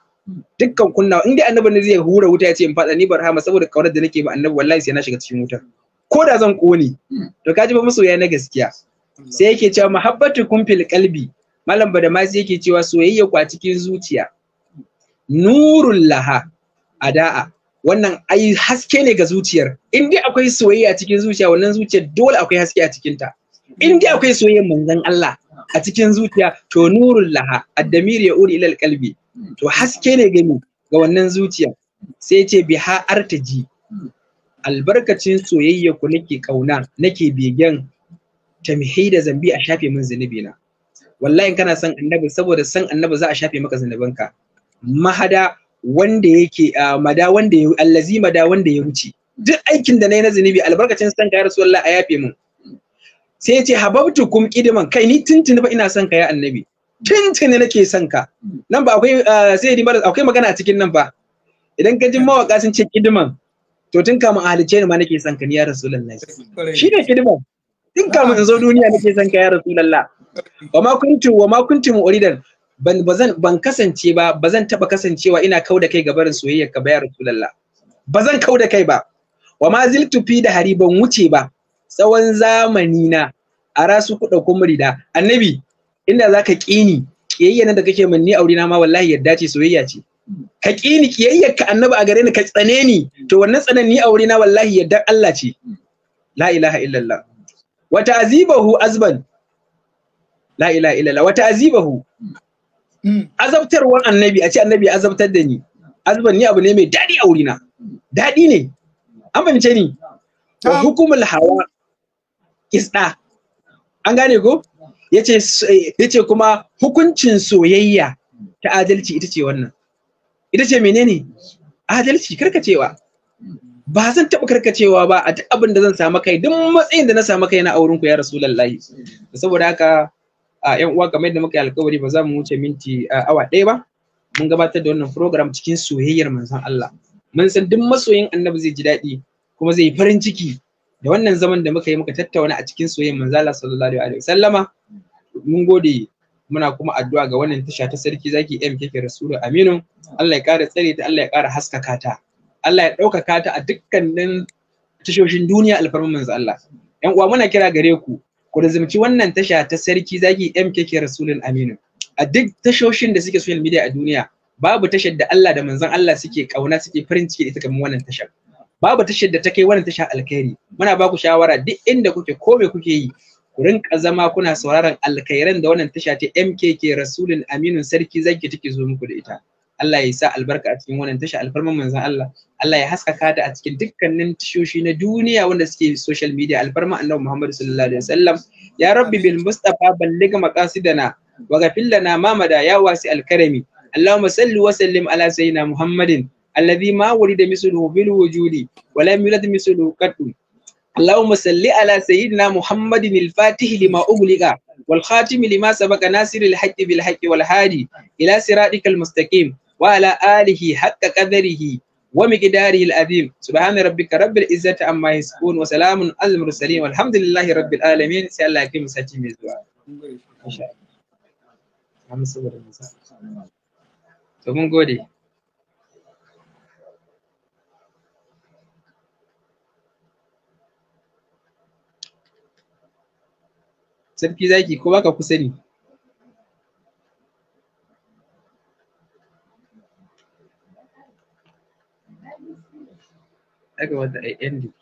dukkan kunna in dai annabi ne zai hura wuta ya ce in fada ni bar hama saboda kaunar da nake ba annabi wallahi sai na shiga cikin wutar ko da zan kone to kaji ba masoya na gaskiya sai yake cewa kun fil qalbi malam sai yake cewa soyayya kwa cikin zuciya nurul laha ada'a wannan ai haske ne ga zuciyar in dai akwai soyayya cikin zuciya wannan zuciyar dole akwai haske a cikin ta in dai akwai soyayyar manzon Allah a cikin zuciya to nurul laha addamir ya uri ilal qalbi to haske ne gami ga wannan zuciya sai ce biha artaji albarkacin soyayya ku nake kauna nake begen tamhi da zambi a shafe min zunubi na wallahi kana san annabi saboda san annabi za a shafe maka zunubanka mahada wanda yake mada wanda ya allazi mada wanda ya wuce duk aikin da nayi na zunubi albarkacin san ka ya rasulullah a yafe min sai ya ce hababtu kum kidiman kai ni tuntuni ba ina son ka ya annabi tuntuni nake son ka nan ba akwai sai di mara akwai magana a cikin nan ba idan ka ji mawaka sun ce kidiman to tun kama a halice ni ma nake son ka ni ya rasulullahi shi ne kidiman tun kama in zo duniya nake son ka ya rasulullahi wa ma kuntu wa ma kuntu uridan ban bazan ban kasance ba bazan taba kasancewa ina da kai ga barin soyayyar ka ba ya rasulullah bazan da kai ba wa ma ziltu fi da hari ban wuce ba tsawon zamani na a rasu kuɗa murida, annabi inda zaka kini kiyayya da kake min ni aure na ma wallahi yadda ce soyayya ce ka kini kiyayyar ka annabi a gare ni ka tsane ni to wannan tsanan ni aure na wallahi yadda Allah ce la ilaha illallah wa ta'zibahu azban la ilaha illallah wa ta'zibahu azabtarwan annabi a ce annabi azabtar da ni azban ni abu ne mai daɗi aure na daɗi ne an fahimce ni wa hukumul hawa isda an gane ko yace kuma hukuncin soyayya ta adalci ita ce wannan ita ce menene adalci karkacewa ba zan taɓa karkacewa ba a duk abin da zan samu kai duk matsayin da na samu kai na auren ku ya rasulullahi saboda haka a yan uwa kamar yadda muka yi alkawari ba za mu wuce minti awa ɗaya ba mun gabatar da wannan program cikin soyayyar manzon Allah mun san duk masoyin annabi zai ji daɗi kuma zai farin ciki da wannan zaman da muka yi muka tattauna a cikin soyayyar manzon Allah sallallahu alaihi wasallama mun gode muna kuma addu'a ga wannan tasha ta sarki zaki MKK Rasulu Aminu Allah ya ƙara tsare ta Allah ya ƙara haskaka ta Allah ya ɗaukaka ta a dukkanin tashoshin duniya alfarmin manzo Allah yan uwa muna kira gare ku ku rizumci wannan tasha ta sarki zaki MKK Rasulun Aminu a duk tashoshin da suke social media a duniya babu tashar da Allah da manzon Allah suke kauna suke farin ciki da ita kamar wannan tashar babu tashar da ta kai wannan tasha alkhairi muna ba ku shawara duk inda kuke ko me kuke yi ku rinka zama kuna sauraron alkhairan da wannan tasha ta MKK Rasulun Aminu Sarki zaki take zo muku da ita. Allah ya sa albarka a cikin wannan tasha alfarman manzon Allah. Allah ya haskaka ta a cikin dukkanin tashoshi na duniya wanda suke social media alfarman Annabi Muhammad sallallahu alaihi wasallam. Ya Rabbi bil Mustafa balliga maqasidana wa ghafil lana ma mada ya wasi alkarami. Allahumma salli wa sallim ala sayyidina Muhammadin alladhi ma wulida misluhu bil wujudi wa lam yulad misluhu qattu اللهم صل على سيدنا محمد الفاتح لما أغلق والخاتم لما سبق ناصر الحق بالحق والهادي إلى صراطك المستقيم وعلى آله حق قدره ومقداره العظيم سبحان ربك رب العزة عما يصفون وسلام على المرسلين والحمد لله رب العالمين سأل الله كم ساتي مزوا إن شاء الله. Mun gode. sarki zaki ko baka kusa ne ya kamata a yi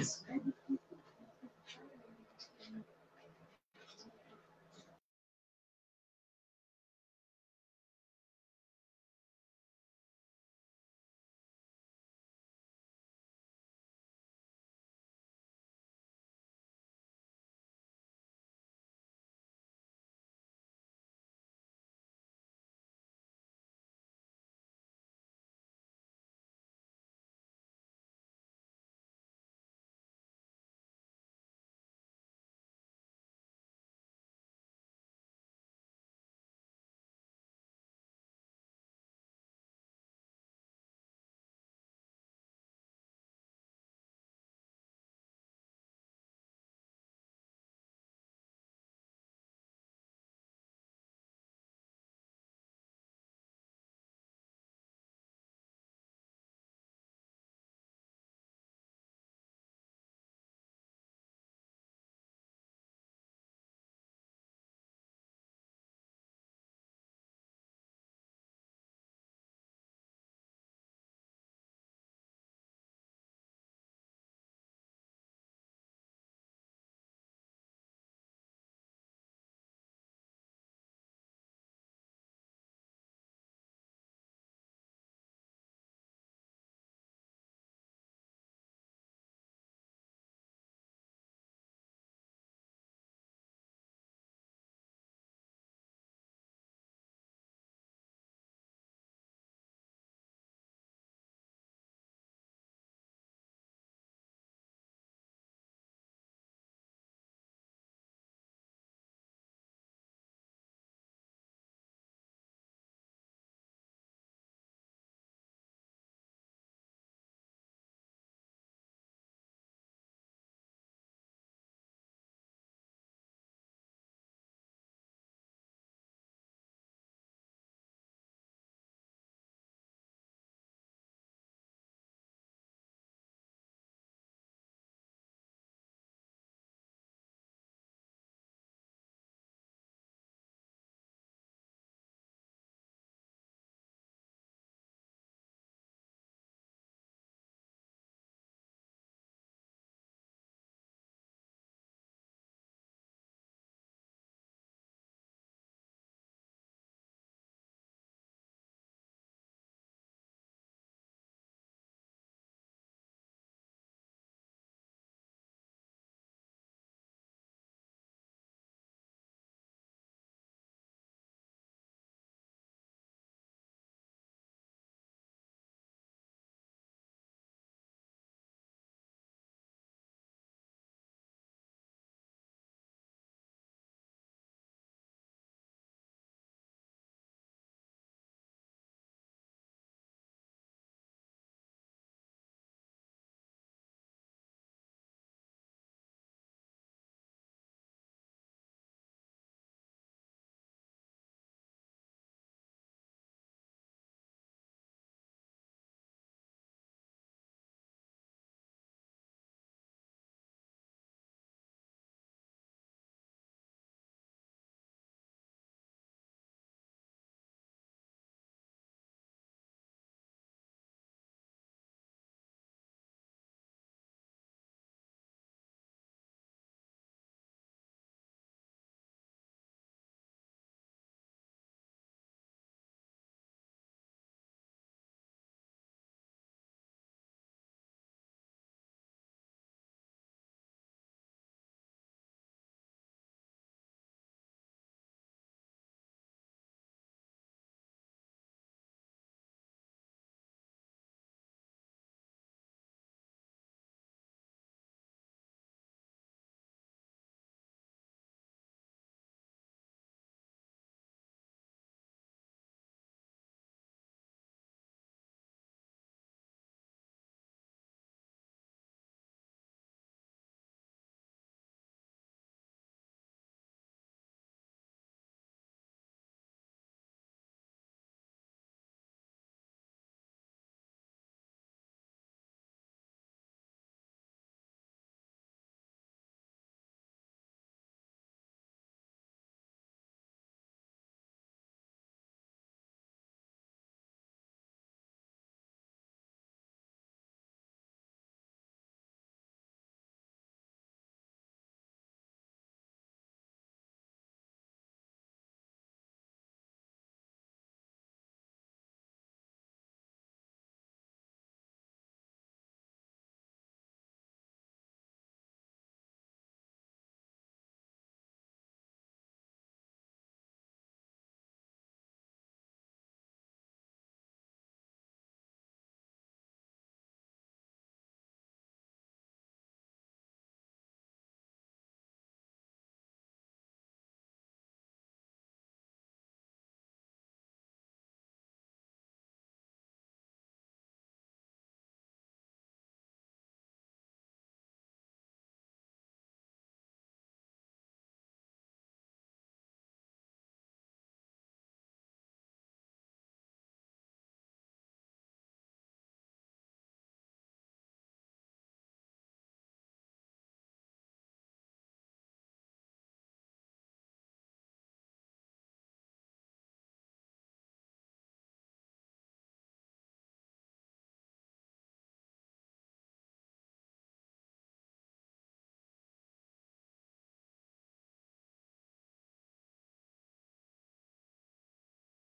Thank you.